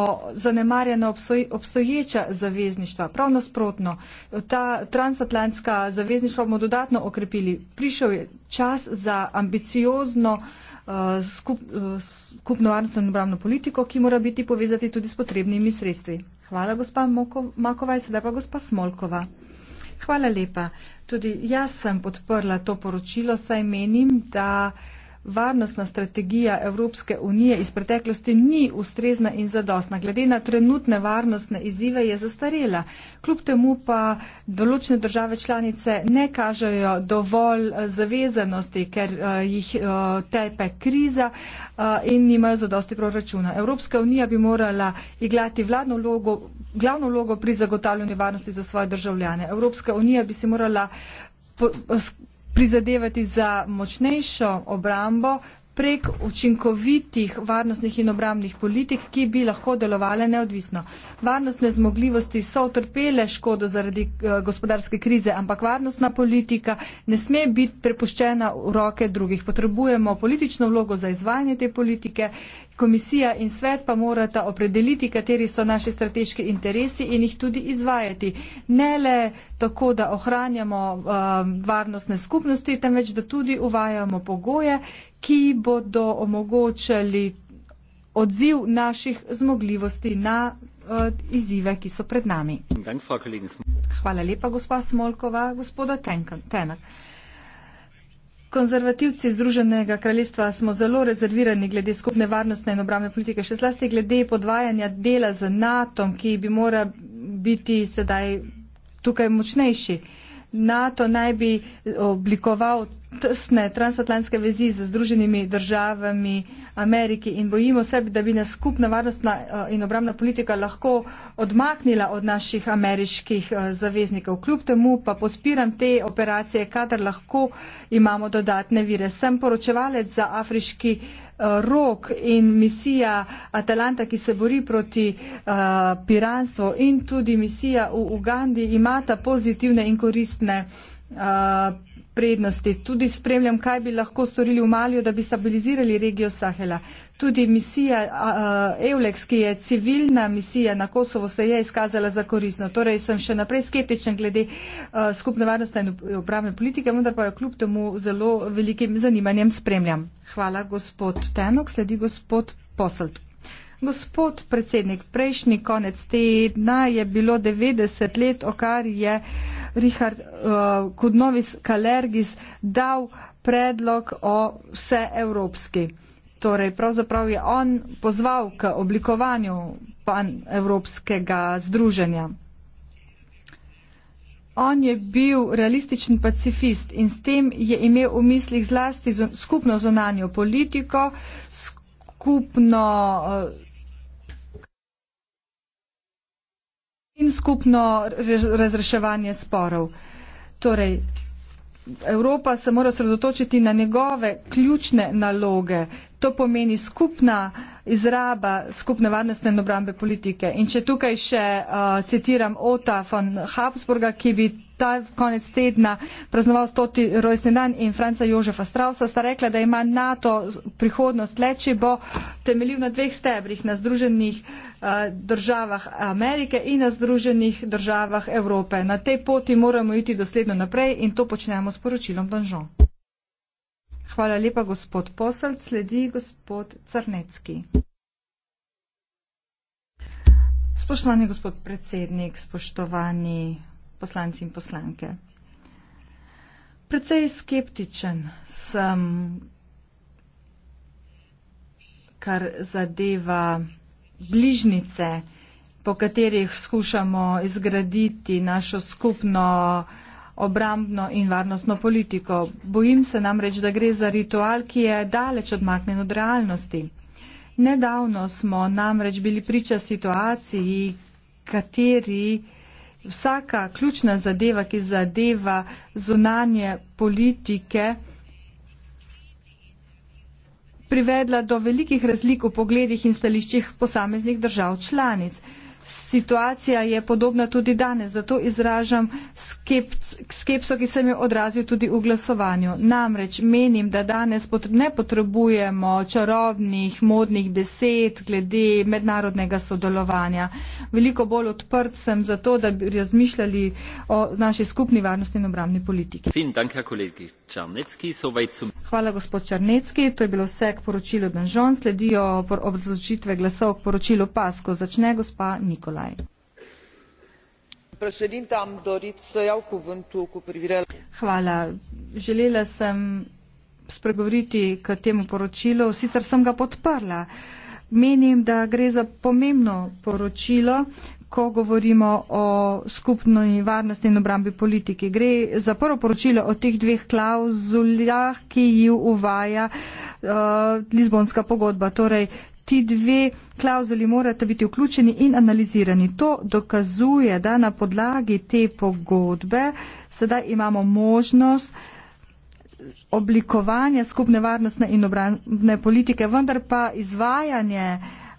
zanemarjena obstoječa zavezništva. Prav nasprotno, ta transatlantska zavezništva bomo dodatno okrepili. Prišel je čas za ambiciozno Eh, skup, uh, skupno varnostno in obravno politiko, ki mora biti povezati tudi s potrebnimi sredstvi. Hvala, gospa Moko, Makova, in sedaj pa gospa Smolkova. Hvala lepa. Tudi jaz sem podprla to poročilo, saj menim, da uh, varnostna strategija Evropske unije iz preteklosti ni ustrezna in zadostna. Glede na trenutne varnostne izzive je zastarela. Kljub temu pa določene države članice ne kažejo dovolj eh, zavezanosti, ker eh, jih eh, tepe kriza in nimajo zadosti proračuna. Evropska unija bi morala igrati vladno logo, glavno logo pri zagotavljanju varnosti za svoje državljane. Evropska unija bi si morala po, prizadevati za močnejšo obrambo prek učinkovitih varnostnih in obrambnih politik, ki bi lahko delovale neodvisno. Varnostne zmogljivosti so utrpele škodo zaradi eh, gospodarske krize, ampak varnostna politika ne sme biti prepuščena v roke drugih. Potrebujemo politično vlogo za izvajanje te politike Komisija in svet pa morata opredeliti, kateri so naši strateški interesi in jih tudi izvajati. Ne le tako, da ohranjamo um, varnostne skupnosti, temveč da tudi uvajamo pogoje, ki bodo omogočali odziv naših zmogljivosti na uh, izzive, ki so pred nami. Hvala lepa, gospa Smolkova, gospoda Tenak. Konzervativci Združenega kraljestva smo zelo rezervirani glede skupne varnostne in obramne politike, še zlasti glede podvajanja dela z NATO, ki bi mora biti sedaj tukaj močnejši. NATO naj bi oblikoval tesne transatlantske vezi z Združenimi državami, Ameriki in bojimo se, da bi nas skupna varnostna eh, in obramna politika lahko odmaknila od naših ameriških eh, zaveznikov. Kljub temu pa podpiram te operacije, kadar lahko imamo dodatne vire. Sem poročevalec za afriški eh, rok in misija Atalanta, ki se bori proti uh, piranstvu in tudi misija v Ugandi imata pozitivne in koristne uh, prednosti. Tudi spremljam, kaj bi lahko storili v Malju, da bi stabilizirali regijo Sahela. Tudi misija uh, EULEX, ki je civilna misija na Kosovo, se je izkazala za korisno. Torej sem še naprej skeptičen glede uh, skupne varnostne in obravne politike, vendar pa jo kljub temu zelo velikim zanimanjem spremljam. Hvala, gospod Tenok. Sledi gospod Poselt. Gospod predsednik, prejšnji konec tedna je bilo 90 let, o kar je. Uh, Richard uh, eh, Kudnovis Kalergis dal predlog o vseevropski. Torej, pravzaprav je on pozval k oblikovanju panevropskega združenja. On je bil realističen pacifist in s tem je imel v mislih zlasti skupno zonanjo politiko, skupno. Uh, in skupno razreševanje sporov. Torej, Evropa se mora sredotočiti na njegove ključne naloge. To pomeni skupna izraba skupne varnostne in obrambe politike. In če tukaj še uh, citiram Ota von Habsburga, ki bi ta konec tedna praznoval stoti rojstni dan in Franca Jožefa Strausa, sta rekla, da ima NATO prihodnost leče, bo temeljil na dveh stebrih, na združenih eh, državah Amerike in na združenih državah Evrope. Na tej poti moramo iti dosledno naprej in to počnemo s poročilom Donžon. Hvala lepa, gospod Poselc. Sledi gospod Crnecki. Spoštovani gospod predsednik, spoštovani poslanci in poslanke. Predvsej skeptičen sem, kar zadeva bližnice, po katerih skušamo izgraditi našo skupno obrambno in varnostno politiko. Bojim se namreč, da gre za ritual, ki je daleč odmaknen od realnosti. Nedavno smo namreč bili priča situaciji, kateri vsaka ključna zadeva, ki zadeva zunanje politike, privedla do velikih razlik v pogledih in stališčih posameznih držav članic. Situacija je podobna tudi danes, zato izražam skepso, ki sem jo odrazil tudi v glasovanju. Namreč menim, da danes ne potrebujemo čarobnih, modnih besed glede mednarodnega sodelovanja. Veliko bolj odprt sem za to, da bi razmišljali o naši skupni varnosti in obramni politiki. Hvala, gospod Črnecki. To je bilo vse k poročilu Benžon. Sledijo obrazložitve glasov k poročilu Pasko. Začne gospa želela sem spregovoriti k temu poročilu, sicer sem ga podprla. Menim, da gre za pomembno poročilo, ko govorimo o skupni varnosti in obrambi politiki. Gre za prvo poročilo o teh dveh klauzuljah, ki jih uvaja uh, Lizbonska pogodba. Torej, ti dve klauzuli morata biti vključeni in analizirani. To dokazuje, da na podlagi te pogodbe sedaj imamo možnost oblikovanja skupne varnostne in obrambne politike, vendar pa izvajanje,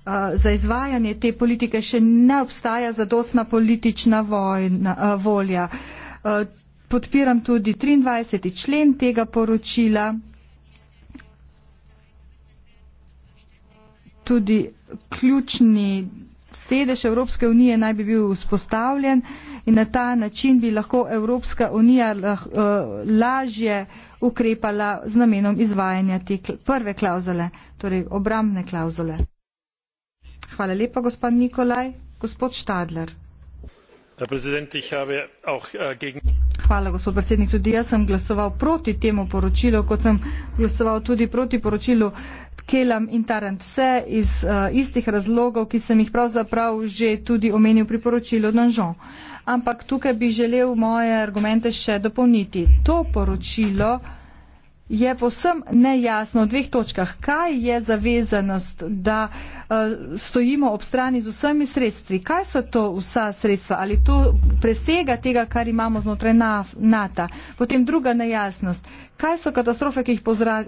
uh, za izvajanje te politike še ne obstaja zadostna politična vojna, uh, volja. Uh, podpiram tudi 23. člen tega poročila, tudi ključni sedež Evropske unije naj bi bil vzpostavljen in na ta način bi lahko Evropska unija lah, eh, lažje ukrepala z namenom izvajanja te prve klauzule, torej obrambne klauzule. Hvala lepa, gospod Nikolaj. Gospod Štadler. Äh, gospod predsednik tudi jaz sem glasoval proti temu poročilu kot sem glasoval tudi proti poročilu kelam in tarand vse iz uh, istih razlogov ki sem jih pravzaprav že tudi omenil pri poročilu danjon ampak tukaj bi želel moje argumente še dopolniti to poročilo uh, je povsem nejasno v dveh točkah, kaj je zavezanost, da eh, stojimo ob strani z vsemi sredstvi. Kaj so to vsa sredstva? Ali to presega tega, kar imamo znotraj NATO? Potem druga nejasnost. Kaj so katastrofe, ki jih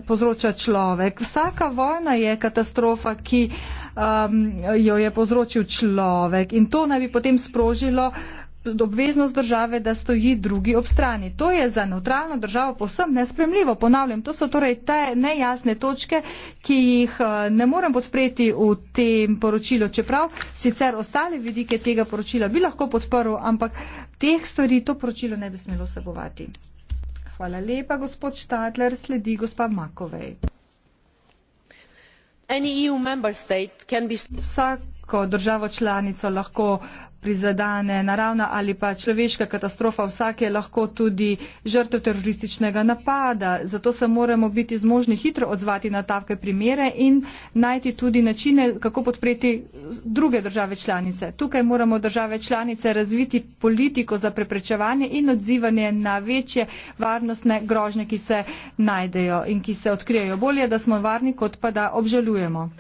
povzroča človek? Vsaka vojna je katastrofa, ki um, jo je povzročil človek in to naj bi potem sprožilo uh, obveznost države, da stoji drugi ob strani. To je za neutralno državo posem nespremljivo. Ponavljam, to so torej te nejasne točke, ki jih eh, ne morem podpreti v tem poročilu, čeprav sicer ostale vidike tega poročila bi lahko podprl, ampak teh stvari to poročilo ne bi smelo sebovati. Hvala lepa, gospod Štatler, sledi gospa Makovej. E Vsako državo članico lahko prizadane naravna ali pa človeška katastrofa, vsak je lahko tudi žrtev terorističnega napada. Zato se moramo biti zmožni hitro odzvati na take primere in najti tudi načine, kako podpreti druge države članice. Tukaj moramo države članice razviti politiko za preprečevanje in odzivanje na večje varnostne grožnje, ki se najdejo in ki se odkrijejo bolje, da smo varni, kot pa da obžalujemo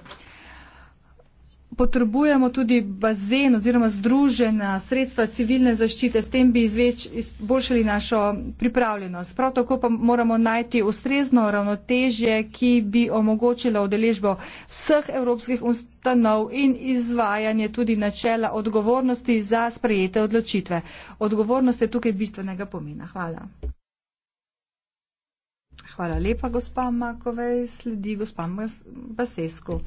potrebujemo tudi bazen oziroma združena sredstva civilne zaščite, s tem bi izveč, izboljšali našo pripravljenost. Prav tako pa moramo najti ustrezno ravnotežje, ki bi omogočilo udeležbo vseh evropskih ustanov in izvajanje tudi načela odgovornosti za sprejete odločitve. Odgovornost je tukaj bistvenega pomena. Hvala. Hvala lepa, gospa Makovej. Sledi gospa Basesku.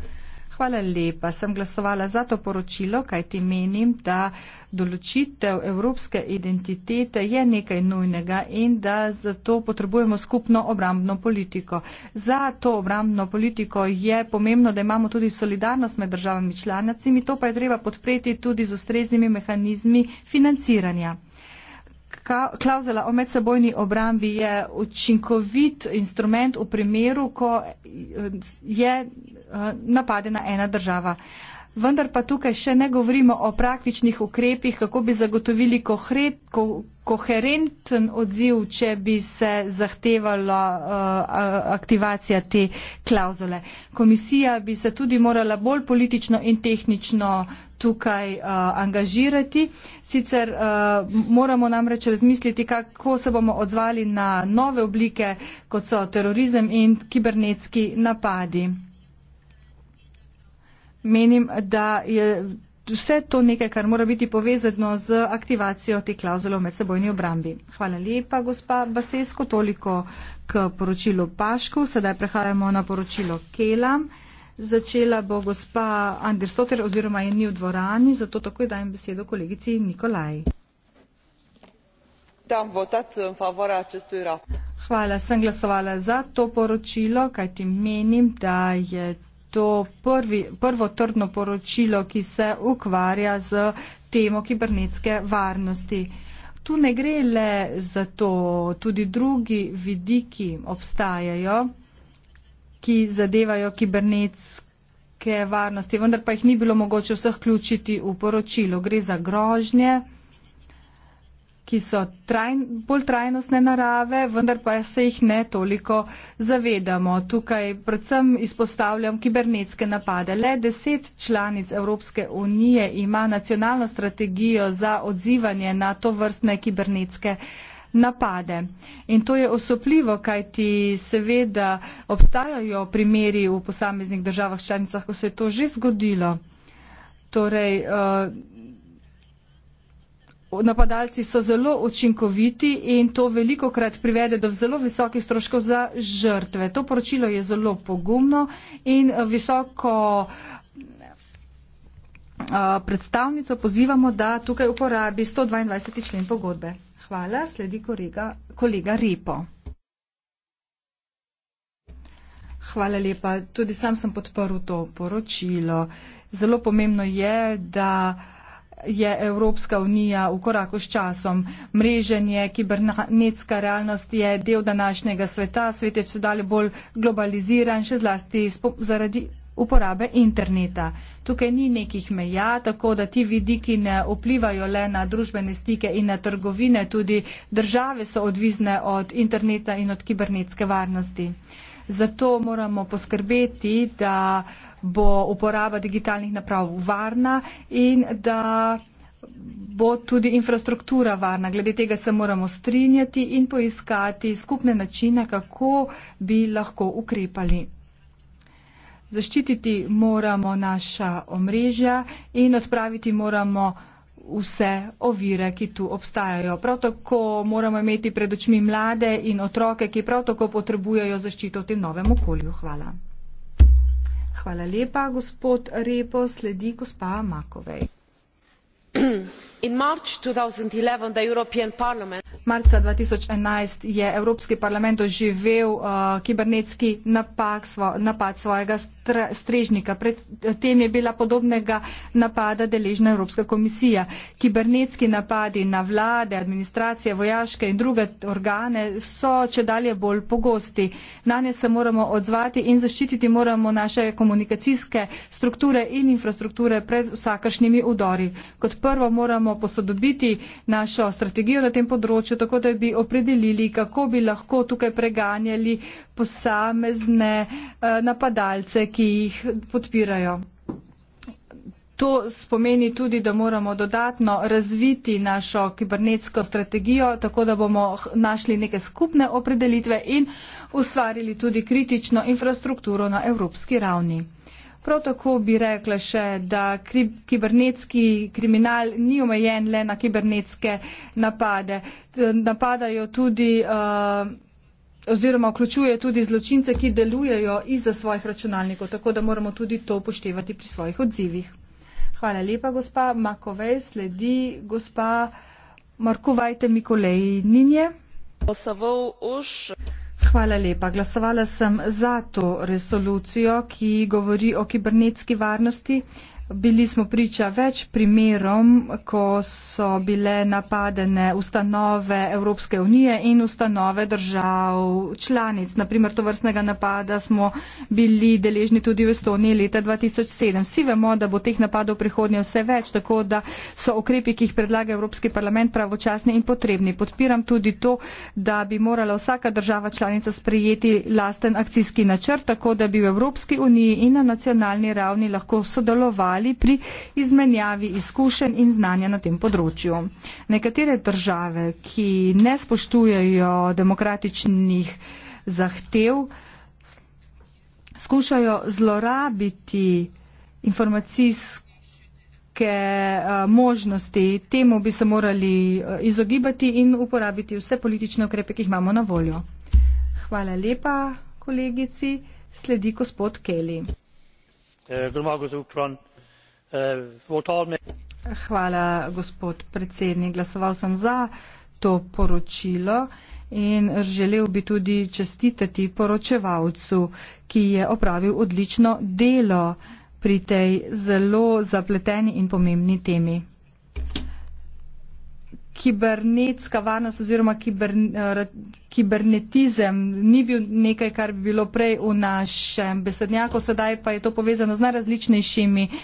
Hvala lepa. Sem glasovala za to poročilo, kaj ti menim, da določitev evropske identitete je nekaj nujnega in da zato potrebujemo skupno obrambno politiko. Za to obrambno politiko je pomembno, da imamo tudi solidarnost med državami članicami, to pa je treba podpreti tudi z ustreznimi mehanizmi financiranja klauzula o medsebojni obrambi je učinkovit instrument v primeru, ko eh, je eh, napadena ena država. Vendar pa tukaj še ne govorimo o praktičnih ukrepih, kako bi zagotovili kohre, koherenten odziv, če bi se zahtevala eh, aktivacija te klauzule. Komisija bi se tudi morala bolj politično in tehnično tukaj uh, angažirati. Sicer uh, moramo namreč razmisliti, kako se bomo odzvali na nove oblike, kot so terorizem in kibernetski napadi. Menim, da je vse to nekaj, kar mora biti povezano z aktivacijo te klauzule v medsebojni obrambi. Hvala lepa, gospa Basesko, toliko k poročilu Pašku. Sedaj prehajamo na poročilo Kela. Začela bo gospa Anderstoter oziroma je ni v dvorani, zato takoj dajem besedo kolegici Nikolaj. Hvala, sem glasovala za to poročilo, kajti menim, da je to prvi, prvo trdno poročilo, ki se ukvarja z temo kibernetske varnosti. Tu ne gre le za to, tudi drugi vidiki obstajajo, ki zadevajo kibernetske varnosti, vendar pa jih ni bilo mogoče vseh vključiti v poročilo. Gre za grožnje ki so trajn, bolj trajnostne narave, vendar pa se jih ne toliko zavedamo. Tukaj predvsem izpostavljam kibernetske napade. Le deset članic Evropske unije ima nacionalno strategijo za odzivanje na to vrstne kibernetske napade. In to je osopljivo, kajti seveda obstajajo primeri v posameznih državah članicah, ko se je to že zgodilo. Torej, uh, napadalci so zelo učinkoviti in to veliko krat privede do zelo visokih stroškov za žrtve. To poročilo je zelo pogumno in eh, visoko eh, predstavnico pozivamo, da tukaj uporabi 122. člen pogodbe. Hvala, sledi kolega, kolega Repo. Hvala lepa. Tudi sam sem podprl to poročilo. Zelo pomembno je, da uh, je Evropska unija v koraku s časom. Mreženje, kibernetska realnost je del današnjega sveta, svet je vse dalje bolj globaliziran, še zlasti zaradi uporabe interneta. Tukaj ni nekih meja, tako da ti vidiki ne vplivajo le na družbene stike in na trgovine, tudi države so odvisne od interneta in od kibernetske varnosti. Zato moramo poskrbeti, da bo uporaba digitalnih naprav varna in da bo tudi infrastruktura varna. Glede tega se moramo strinjati in poiskati skupne načine, kako bi lahko ukrepali. Zaščititi moramo naša omrežja in odpraviti moramo vse ovire, ki tu obstajajo. Prav tako moramo imeti pred očmi mlade in otroke, ki prav tako potrebujejo zaščito v tem novem okolju. Hvala. Hvala lepa, gospod Repo. Sledi gospa Makovej. marca dva tisoč enajst je evropski parlament doživel uh, kibernetski napak napad svojega strežnika pred tem je bila podobnega napada deležna evropska komisija kibernetski napadi na vlade administracije vojaške in druge organe so če dalje bolj pogosti nanje se moramo odzvati in zaščititi moramo naše komunikacijske strukture in infrastrukture pred vsakršnimi udori kot prvo moramo posodobiti našo strategijo na tem področju, tako da bi opredelili, kako bi lahko tukaj preganjali posamezne eh, napadalce, ki jih podpirajo. To spomeni tudi, da moramo dodatno razviti našo kibernetsko strategijo, tako da bomo našli neke skupne opredelitve in ustvarili tudi kritično infrastrukturo na evropski ravni. Prav tako bi rekla še, da kri kibernetski kriminal ni omejen le na kibernetske napade. Napadajo tudi uh, oziroma vključuje tudi zločince, ki delujejo izza svojih računalnikov, tako da moramo tudi to upoštevati pri svojih odzivih. Hvala lepa, gospa Makovej, sledi gospa Markovajte Mikoleji Ninje. Hvala lepa. Glasovala sem za to resolucijo, ki govori o kibernetski varnosti. Bili smo priča več primerom, ko so bile napadene ustanove Evropske unije in ustanove držav članic. Naprimer, to vrstnega napada smo bili deležni tudi v Estoniji leta 2007. Vsi vemo, da bo teh napadov prihodnje vse več, tako da so okrepi, ki jih predlaga Evropski parlament, pravočasni in potrebni. Podpiram tudi to, da bi morala vsaka država članica sprejeti lasten akcijski načrt, tako da bi v Evropski uniji in na nacionalni ravni lahko sodelovali sodelovali pri izmenjavi izkušenj in znanja na tem področju. Nekatere države, ki ne spoštujejo demokratičnih zahtev, skušajo zlorabiti informacijske eh, možnosti. Temu bi se morali eh, izogibati in uporabiti vse politične ukrepe, ki jih imamo na voljo. Hvala lepa, kolegici. Sledi gospod Kelly. Uh, eh, good morning, Eh, Hvala, gospod predsednik. Glasoval sem za to poročilo in želel bi tudi čestitati poročevalcu, ki je opravil odlično delo pri tej zelo zapleteni in pomembni temi. Kibernetska varnost oziroma kibernetska eh, kibernetizem ni bil nekaj, kar bi bilo prej v našem besednjaku, sedaj pa je to povezano z najrazličnejšimi eh,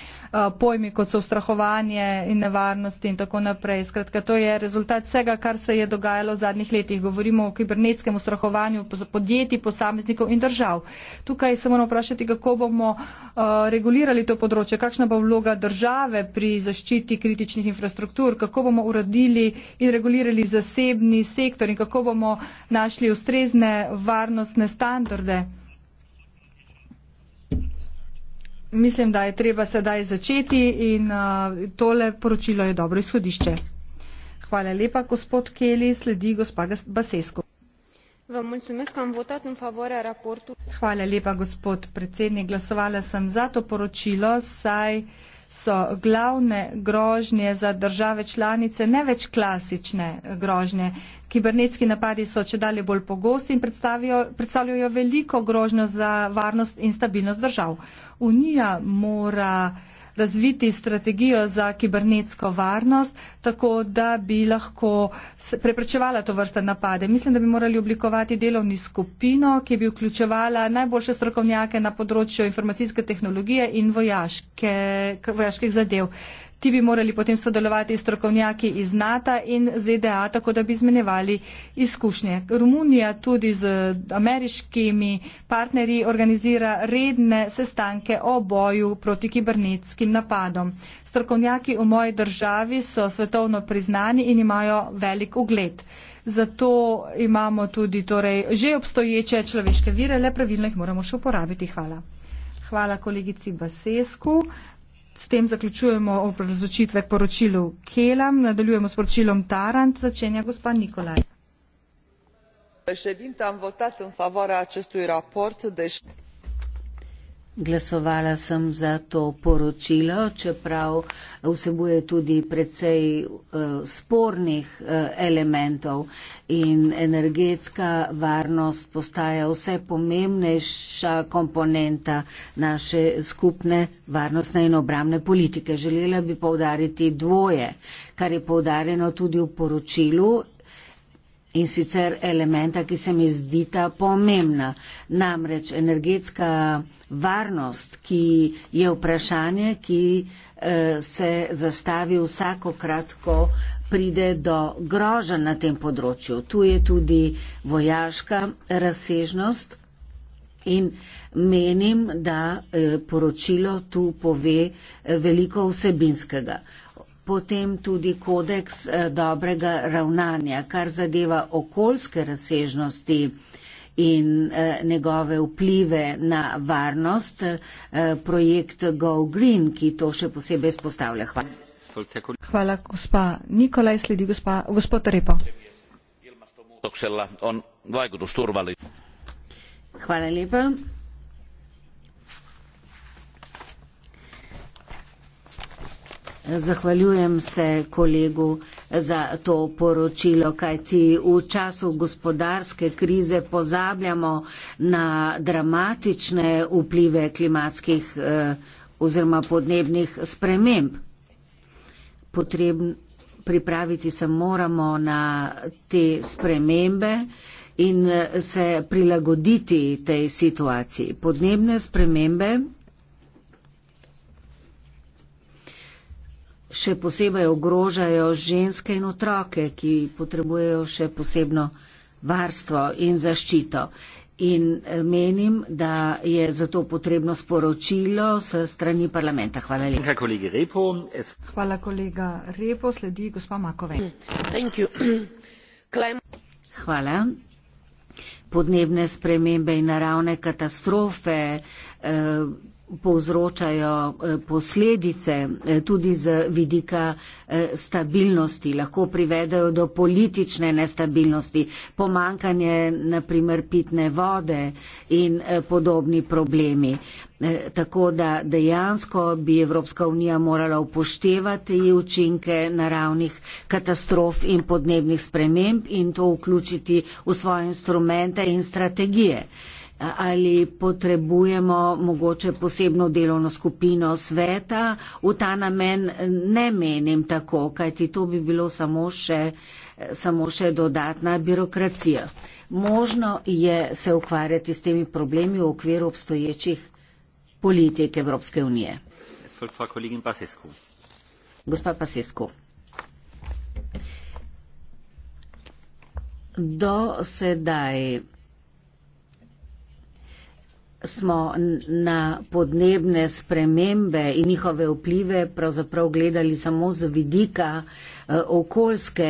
pojmi, kot so strahovanje in nevarnosti in tako naprej. Skratka, to je rezultat vsega, kar se je dogajalo v zadnjih letih. Govorimo o kibernetskem strahovanju podjetij, posameznikov in držav. Tukaj se moramo vprašati, kako bomo uh, regulirali to področje, kakšna bo vloga države pri zaščiti kritičnih infrastruktur, kako bomo uredili in regulirali zasebni sektor in kako bomo na našli ustrezne varnostne standarde. Mislim, da je treba sedaj začeti in uh, tole poročilo je dobro izhodišče. Hvala lepa, gospod Keli, sledi gospa Basesko. Hvala lepa, gospod predsednik. Glasovala sem za to poročilo, saj so glavne grožnje za države članice ne več klasične grožnje, Kibernetski napadi so če dalje bolj pogosti in predstavljajo veliko grožnjo za varnost in stabilnost držav. Unija mora razviti strategijo za kibernetsko varnost, tako da bi lahko preprečevala to vrste napade. Mislim, da bi morali oblikovati delovni skupino, ki bi vključevala najboljše strokovnjake na področju informacijske tehnologije in vojaške, vojaških zadev ti bi morali potem sodelovati strokovnjaki iz NATO in ZDA, tako da bi izmenjevali izkušnje. Romunija tudi z ameriškimi partnerji organizira redne sestanke o boju proti kibernetskim napadom. Strokovnjaki v moji državi so svetovno priznani in imajo velik ugled. Zato imamo tudi torej, že obstoječe človeške vire, le pravilno jih moramo še uporabiti. Hvala. Hvala kolegici Basesku. S tem zaključujemo obrazočitve k poročilu Kelam. Nadaljujemo s poročilom Tarant. Začenja gospa Nikolaj. Președinte, am votat în favoarea acestui raport, deși... Glasovala sem za to poročilo, čeprav vsebuje tudi precej uh, spornih uh, elementov in energetska varnost postaja vse pomembnejša komponenta naše skupne varnostne in obramne politike. Želela bi povdariti dvoje, kar je povdarjeno tudi v poročilu In sicer elementa, ki se mi zdita pomembna, namreč energetska varnost, ki je vprašanje, ki eh, se zastavi vsako kratko pride do groža na tem področju. Tu je tudi vojaška razsežnost in menim, da eh, poročilo tu pove eh, veliko vsebinskega. Eh, potem tudi kodeks eh, dobrega ravnanja, kar zadeva okoljske razsežnosti in eh, njegove vplive na varnost, eh, projekt Go Green, ki to še posebej izpostavlja. Hvala. Hvala, gospa Nikolaj. Sledi gospa, gospod Repo. Hvala lepa. Zahvaljujem se kolegu za to poročilo, kajti v času gospodarske krize pozabljamo na dramatične vplive klimatskih eh, oziroma podnebnih sprememb. Potrebn, pripraviti se moramo na te spremembe in eh, se prilagoditi tej situaciji. Podnebne spremembe še posebej ogrožajo ženske in otroke, ki potrebujejo še posebno varstvo in zaščito. In eh, menim, da je zato potrebno sporočilo s strani parlamenta. Hvala lepa. Hvala, kolega Repo. Es... Hvala, kolega Repo. Sledi gospa Makove. Mm, Hvala. Podnebne spremembe in naravne katastrofe. Eh, povzročajo eh, posledice eh, tudi z vidika eh, stabilnosti, lahko privedajo do politične nestabilnosti, pomankanje naprimer pitne vode in podobni problemi. Tako da dejansko bi Evropska unija morala upoštevati učinke naravnih katastrof in podnebnih sprememb in to vključiti v svoje instrumente in strategije ali potrebujemo mogoče posebno delovno skupino sveta. V ta namen ne menim tako, kajti to bi bilo samo še, samo še dodatna birokracija. Možno je se ukvarjati s temi problemi v okviru obstoječih politik Evropske unije. Gospa Pasesko. Do sedaj smo na podnebne spremembe in njihove vplive pravzaprav gledali samo z vidika uh, Eh, okoljske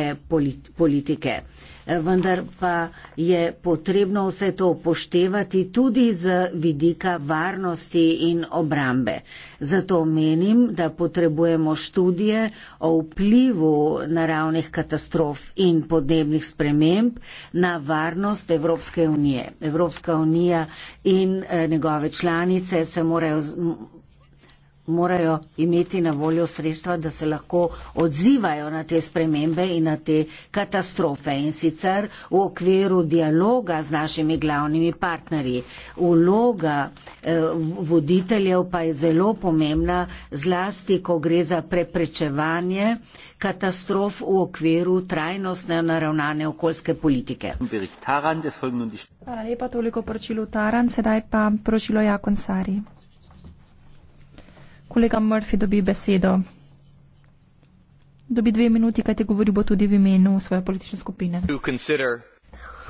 politike. Eh, vendar pa je potrebno vse to upoštevati tudi z vidika varnosti in obrambe. Zato menim, da potrebujemo študije o vplivu naravnih katastrof in podnebnih sprememb na varnost Evropske unije. Evropska unija in eh, njegove članice se morajo morajo imeti na voljo sredstva, da se lahko odzivajo na te spremembe in na te katastrofe. In sicer v okviru dialoga z našimi glavnimi partnerji. Uloga eh, voditeljev pa je zelo pomembna, zlasti, ko gre za preprečevanje katastrof v okviru trajnostne naravnane okoljske politike. Hvala lepa, toliko poročilo Taran, sedaj pa poročilo Jakon Sari. Kolega Murphy dobi besedo. Dobi dve minuti, kajte govori bo tudi v imenu svoje politične skupine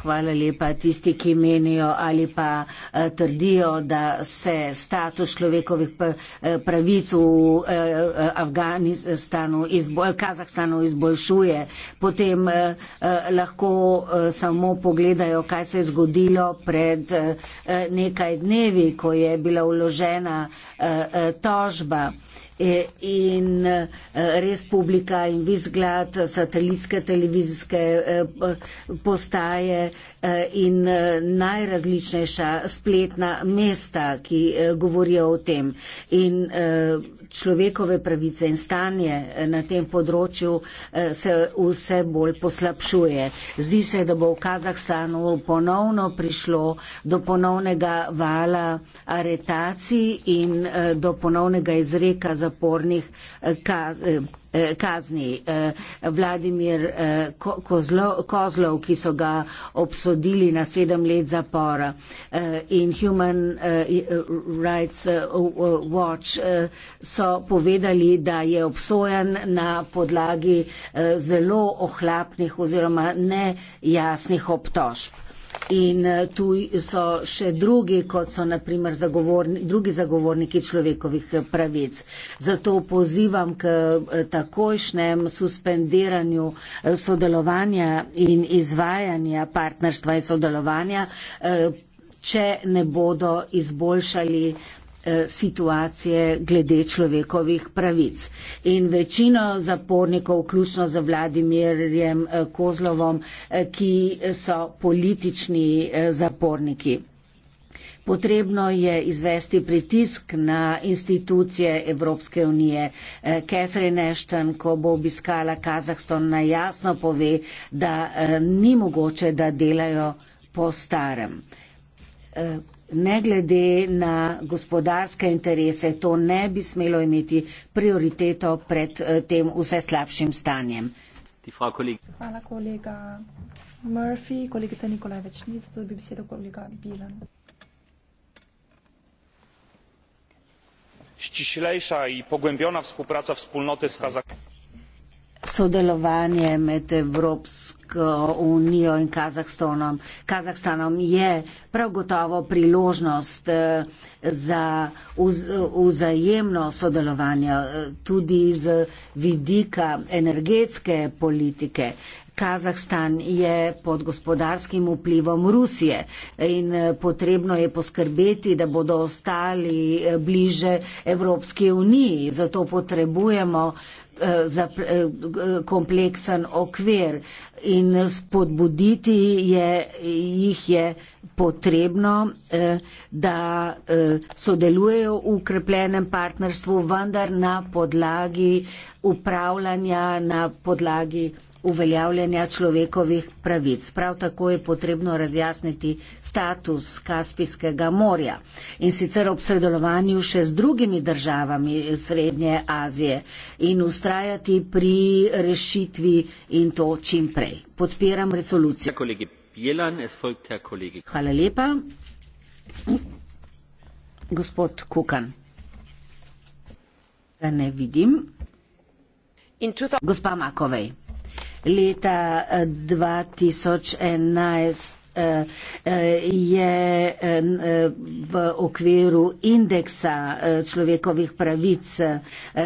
hvala lepa tisti, ki menijo ali pa eh, trdijo, da se status človekovih eh, pravic v eh, eh Afganistanu, izbo, Kazahstanu izboljšuje. Potem eh, eh, lahko eh, samo pogledajo, kaj se je zgodilo pred eh, nekaj dnevi, ko je bila uložena eh, tožba. Eh, in eh, res publika in vizglad, satelitske televizijske eh, postaje eh, in najrazličnejša spletna mesta, ki govorijo o tem. In, človekove pravice in stanje eh, na tem področju eh, se vse bolj poslabšuje. Zdi se, da bo v Kazahstanu ponovno prišlo do ponovnega vala aretacij in eh, do ponovnega izreka zapornih Eh, kazni. Eh, Vladimir eh, Kozlov, ki so ga obsodili na sedem let zapora in Human Rights Watch so povedali, da je obsojen na podlagi zelo ohlapnih oziroma nejasnih obtožb in eh, tu so še drugi, kot so naprimer zagovorni, drugi zagovorniki človekovih eh, pravic. Zato pozivam k eh, takojšnjem suspendiranju sodelovanja in izvajanja partnerstva in sodelovanja, če ne bodo izboljšali Eh, situacije glede človekovih pravic. In večino zapornikov, vključno z Vladimirjem eh, Kozlovom, eh, ki so politični zaporniki. Potrebno je izvesti pritisk na institucije Evropske unije. Catherine Ashton, ko bo obiskala Kazahstan, najjasno pove, da ni mogoče, da delajo po starem ne glede na gospodarske interese, to ne bi smelo imeti prioriteto pred eh, tem vse slabšim stanjem. Hvala kolega Murphy, kolegica Nikolaj več ni, zato bi besedo kolega Bilan. Ščišlejša in pogojena vzpopraca vzpolnote s Kazahstanom. Sodelovanje med Evropsko. Unijo in Kazahstanom. Kazahstanom je prav gotovo priložnost eh, za vzajemno sodelovanje eh, tudi z vidika energetske politike. Kazahstan je pod gospodarskim vplivom Rusije in eh, potrebno je poskrbeti, da bodo ostali bliže Evropske unije. Zato potrebujemo uh, Eh, eh, kompleksen okvir in spodbuditi je, jih je potrebno, eh, da sodelujejo v ukrepljenem partnerstvu, vendar na podlagi upravljanja, na podlagi uveljavljanja človekovih pravic. Prav tako je potrebno razjasniti status Kaspijskega morja in sicer ob sredelovanju še z drugimi državami Srednje Azije in ustrajati pri rešitvi in to čim prej. Podpiram resolucijo. Hvala lepa. Gospod Kukan. Ne vidim. Gospa Makovej leta 2011 eh, eh, je eh, v okviru indeksa človekovih pravic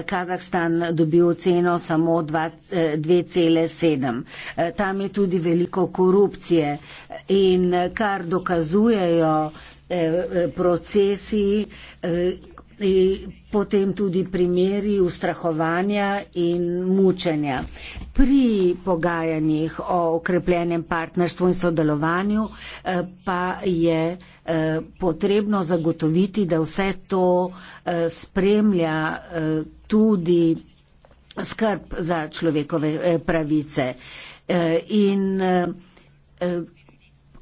Kazahstan dobil ceno samo 2,7. Tam je tudi veliko korupcije in kar dokazujejo procesi E, potem tudi primeri ustrahovanja in mučenja. Pri pogajanjih o okrepljenem partnerstvu in sodelovanju e, pa je e, potrebno zagotoviti, da vse to spremlja tudi skrb za človekove pravice. In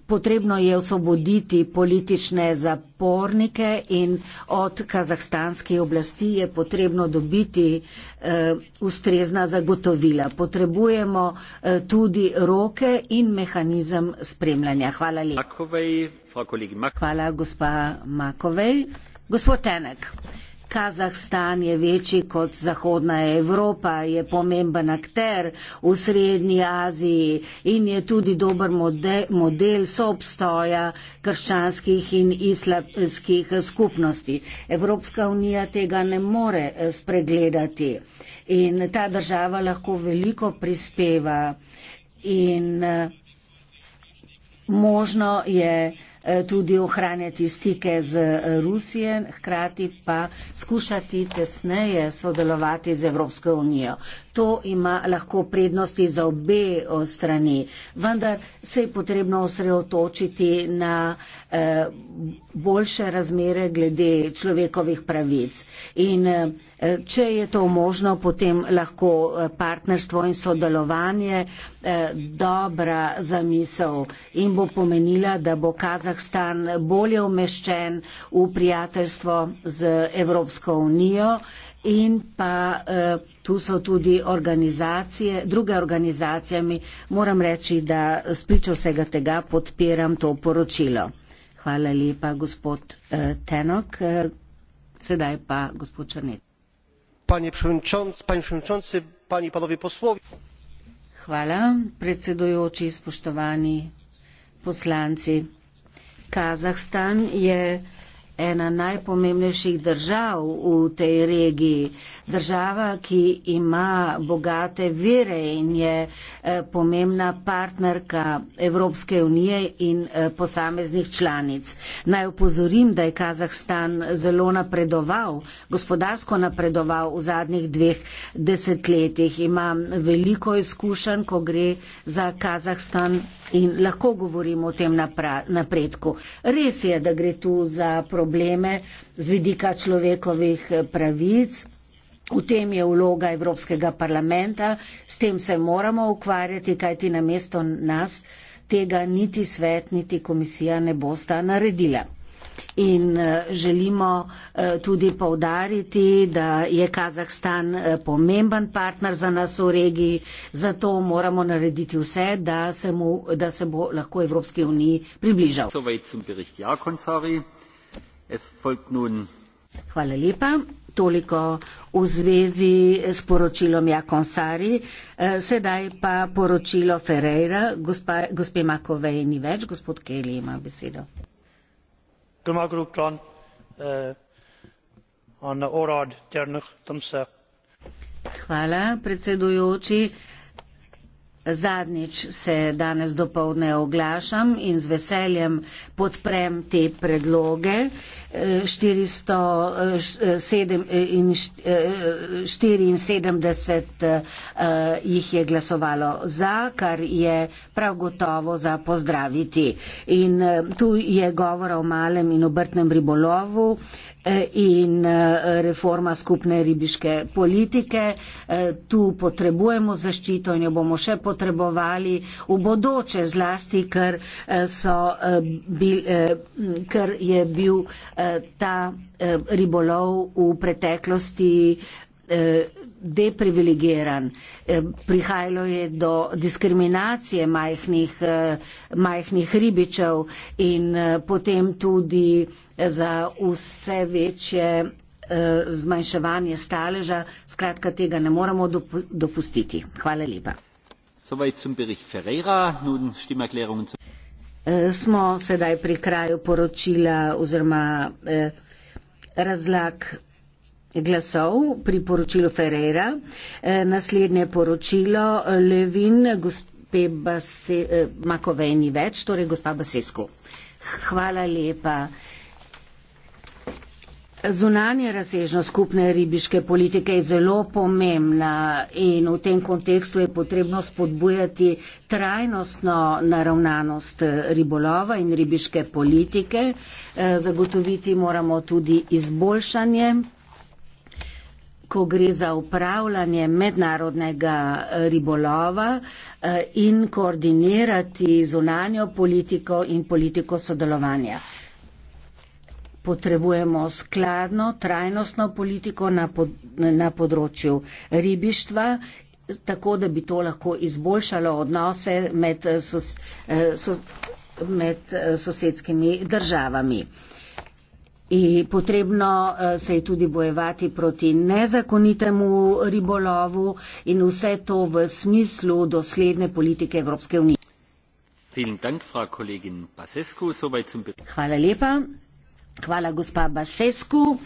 Potrebno je osvoboditi politične zapornike in od kazahstanske oblasti je potrebno dobiti uh, ustrezna zagotovila. Potrebujemo uh, tudi roke in mehanizem spremljanja. Hvala lepa. Makovej, Hvala gospa Makovej. Gospod Tenek. Kazahstan je večji kot Zahodna Evropa, je pomemben akter v Srednji Aziji in je tudi dober model, model soobstoja krščanskih in islamskih skupnosti. Evropska unija tega ne more eh, spregledati in ta država lahko veliko prispeva in eh, možno je, Eh, tudi ohranjati stike z Rusije, hkrati pa skušati tesneje sodelovati z Evropsko unijo. To ima lahko prednosti za obe strani, vendar se je potrebno osredotočiti na eh, boljše razmere glede človekovih pravic. In eh, če je to možno, potem lahko eh, partnerstvo in sodelovanje eh, dobra zamisel in bo pomenila, da bo Kazahstan bolje umeščen v prijateljstvo z Evropsko unijo. Eh, in pa eh, tu so tudi organizacije, druge organizacije. Moram reči, da spričo vsega tega podpiram to poročilo. Hvala lepa, gospod eh, Tenok. Eh, sedaj pa gospod Črnet. Pani predsedujoči, pani panovi poslovi. Hvala, predsedujoči, spoštovani poslanci. Kazahstan je ena najpomembnejših držav v tej regiji država, ki ima bogate vire in je eh, pomembna partnerka Evropske unije in eh, posameznih članic. Naj upozorim, da je Kazahstan zelo napredoval, gospodarsko napredoval v zadnjih dveh desetletjih. Ima veliko izkušenj, ko gre za Kazahstan in lahko govorimo o tem napredku. Res je, da gre tu za probleme z vidika človekovih eh, pravic, V tem je vloga Evropskega parlamenta, s tem se moramo ukvarjati, kajti na mesto nas tega niti svet, niti komisija ne bosta naredila. In eh, želimo eh, tudi povdariti, da je Kazahstan eh, pomemben partner za nas v regiji, zato moramo narediti vse, da se, mu, da se bo lahko Evropski uniji približal. Hvala lepa toliko v zvezi s poročilom Jakonsari, e, sedaj pa poročilo Ferreira, gospe Makovej ni več, gospod Keli ima besedo. Eh, Hvala, predsedujoči. Zadnjič se danes dopovdne oglašam in z veseljem podprem te predloge 474 eh, jih je glasovalo za, kar je prav gotovo za pozdraviti. In eh, tu je govora o malem in obrtnem ribolovu, in eh, reforma skupne ribiške politike. Eh, tu potrebujemo zaščito in jo bomo še potrebovali v bodoče zlasti, ker, eh, so, bil, ker je bil ta ribolov v preteklosti deprivilegiran, eh, prihajalo je do diskriminacije majhnih, eh, majhnih ribičev in eh, potem tudi za vse večje zmanjševanje staleža. Skratka, tega ne moremo dopustiti. Hvala lepa. Smo sedaj pri kraju poročila oziroma eh, razlag glasov pri poročilu Ferreira. E, naslednje poročilo Levin, gospe Base, e, Makoveni več, torej gospa Basesko. Hvala lepa. Zunanje razsežno skupne ribiške politike je zelo pomembna in v tem kontekstu je potrebno spodbujati trajnostno naravnanost ribolova in ribiške politike. E, zagotoviti moramo tudi izboljšanje ko gre za upravljanje mednarodnega eh, ribolova eh, in koordinirati zunanjo politiko in politiko sodelovanja. Potrebujemo skladno, trajnostno politiko na, pod, na področju ribištva, tako da bi to lahko izboljšalo odnose med, eh, sos, med sosedskimi državami potrebno eh, se je tudi bojevati proti nezakonitemu ribolovu in vse to v smislu dosledne politike Evropske unije. Hvala lepa. Hvala gospa Basescu.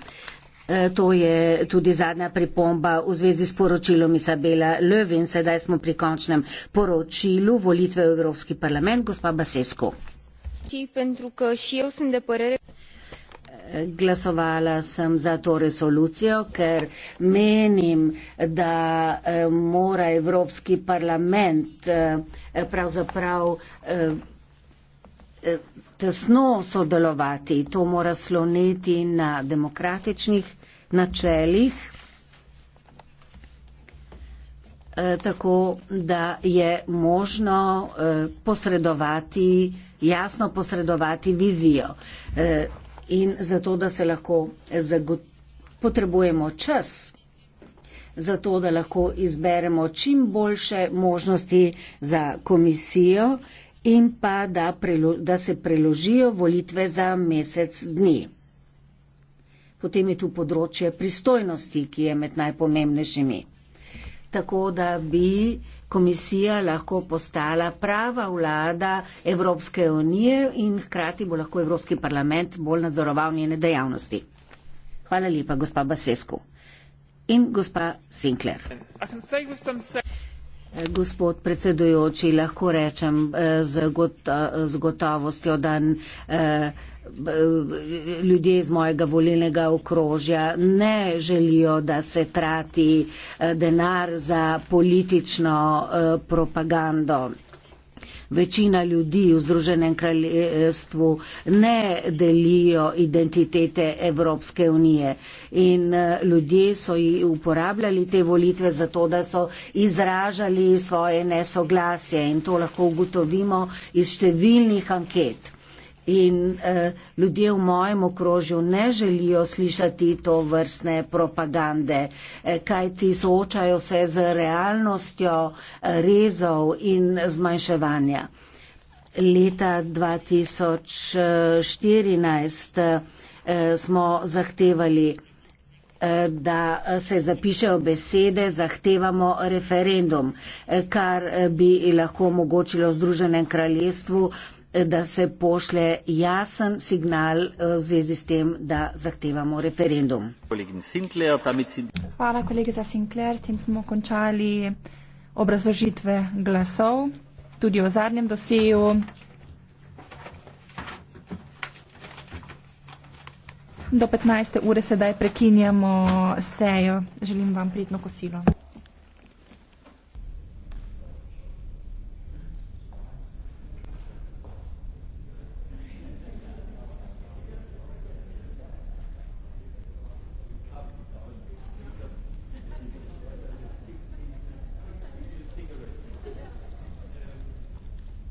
Eh, to je tudi zadnja pripomba v zvezi s poročilom Isabela Lövin. Sedaj smo pri končnem poročilu volitve v Evropski parlament. Gospa Basescu glasovala sem za to resolucijo, ker menim, da eh, mora Evropski parlament eh, pravzaprav eh, tesno sodelovati. To mora sloneti na demokratičnih načelih. tako da je možno posredovati, jasno posredovati vizijo in zato, da se lahko zagotovimo, potrebujemo čas, zato, da lahko izberemo čim boljše možnosti za komisijo in pa da, prilo, da se preložijo volitve za mesec dni. Potem je tu področje pristojnosti, ki je med najpomembnejšimi tako da bi komisija lahko postala prava vlada Evropske unije in hkrati bo lahko Evropski parlament bolj nadzoroval njene dejavnosti. Hvala lepa, gospa Basescu. In gospa Sinclair. Gospod predsedujoči, lahko rečem eh, z, gota, z gotovostjo, da eh, ljudje iz mojega volilnega okrožja ne želijo, da se trati eh, denar za politično propagando. Večina ljudi v Združenem kraljestvu ne delijo identitete Evropske unije in eh, ljudje so uporabljali te volitve za to, da so izražali svoje nesoglasje in to lahko ugotovimo iz številnih anket in eh, ljudje v mojem okrožju ne želijo slišati to vrstne propagande, eh, kajti soočajo se z realnostjo eh, rezov in zmanjševanja. Leta 2014 eh, smo zahtevali, eh, da se zapišejo besede, zahtevamo referendum, eh, kar eh, bi lahko omogočilo Združenem kraljestvu, da se pošle jasen signal eh, v zvezi s tem, da zahtevamo referendum. Hvala kolegica Sinclair, s tem smo končali obrazložitve glasov, tudi o zadnjem doseju. Do 15. ure sedaj prekinjamo sejo. Želim vam prijetno kosilo.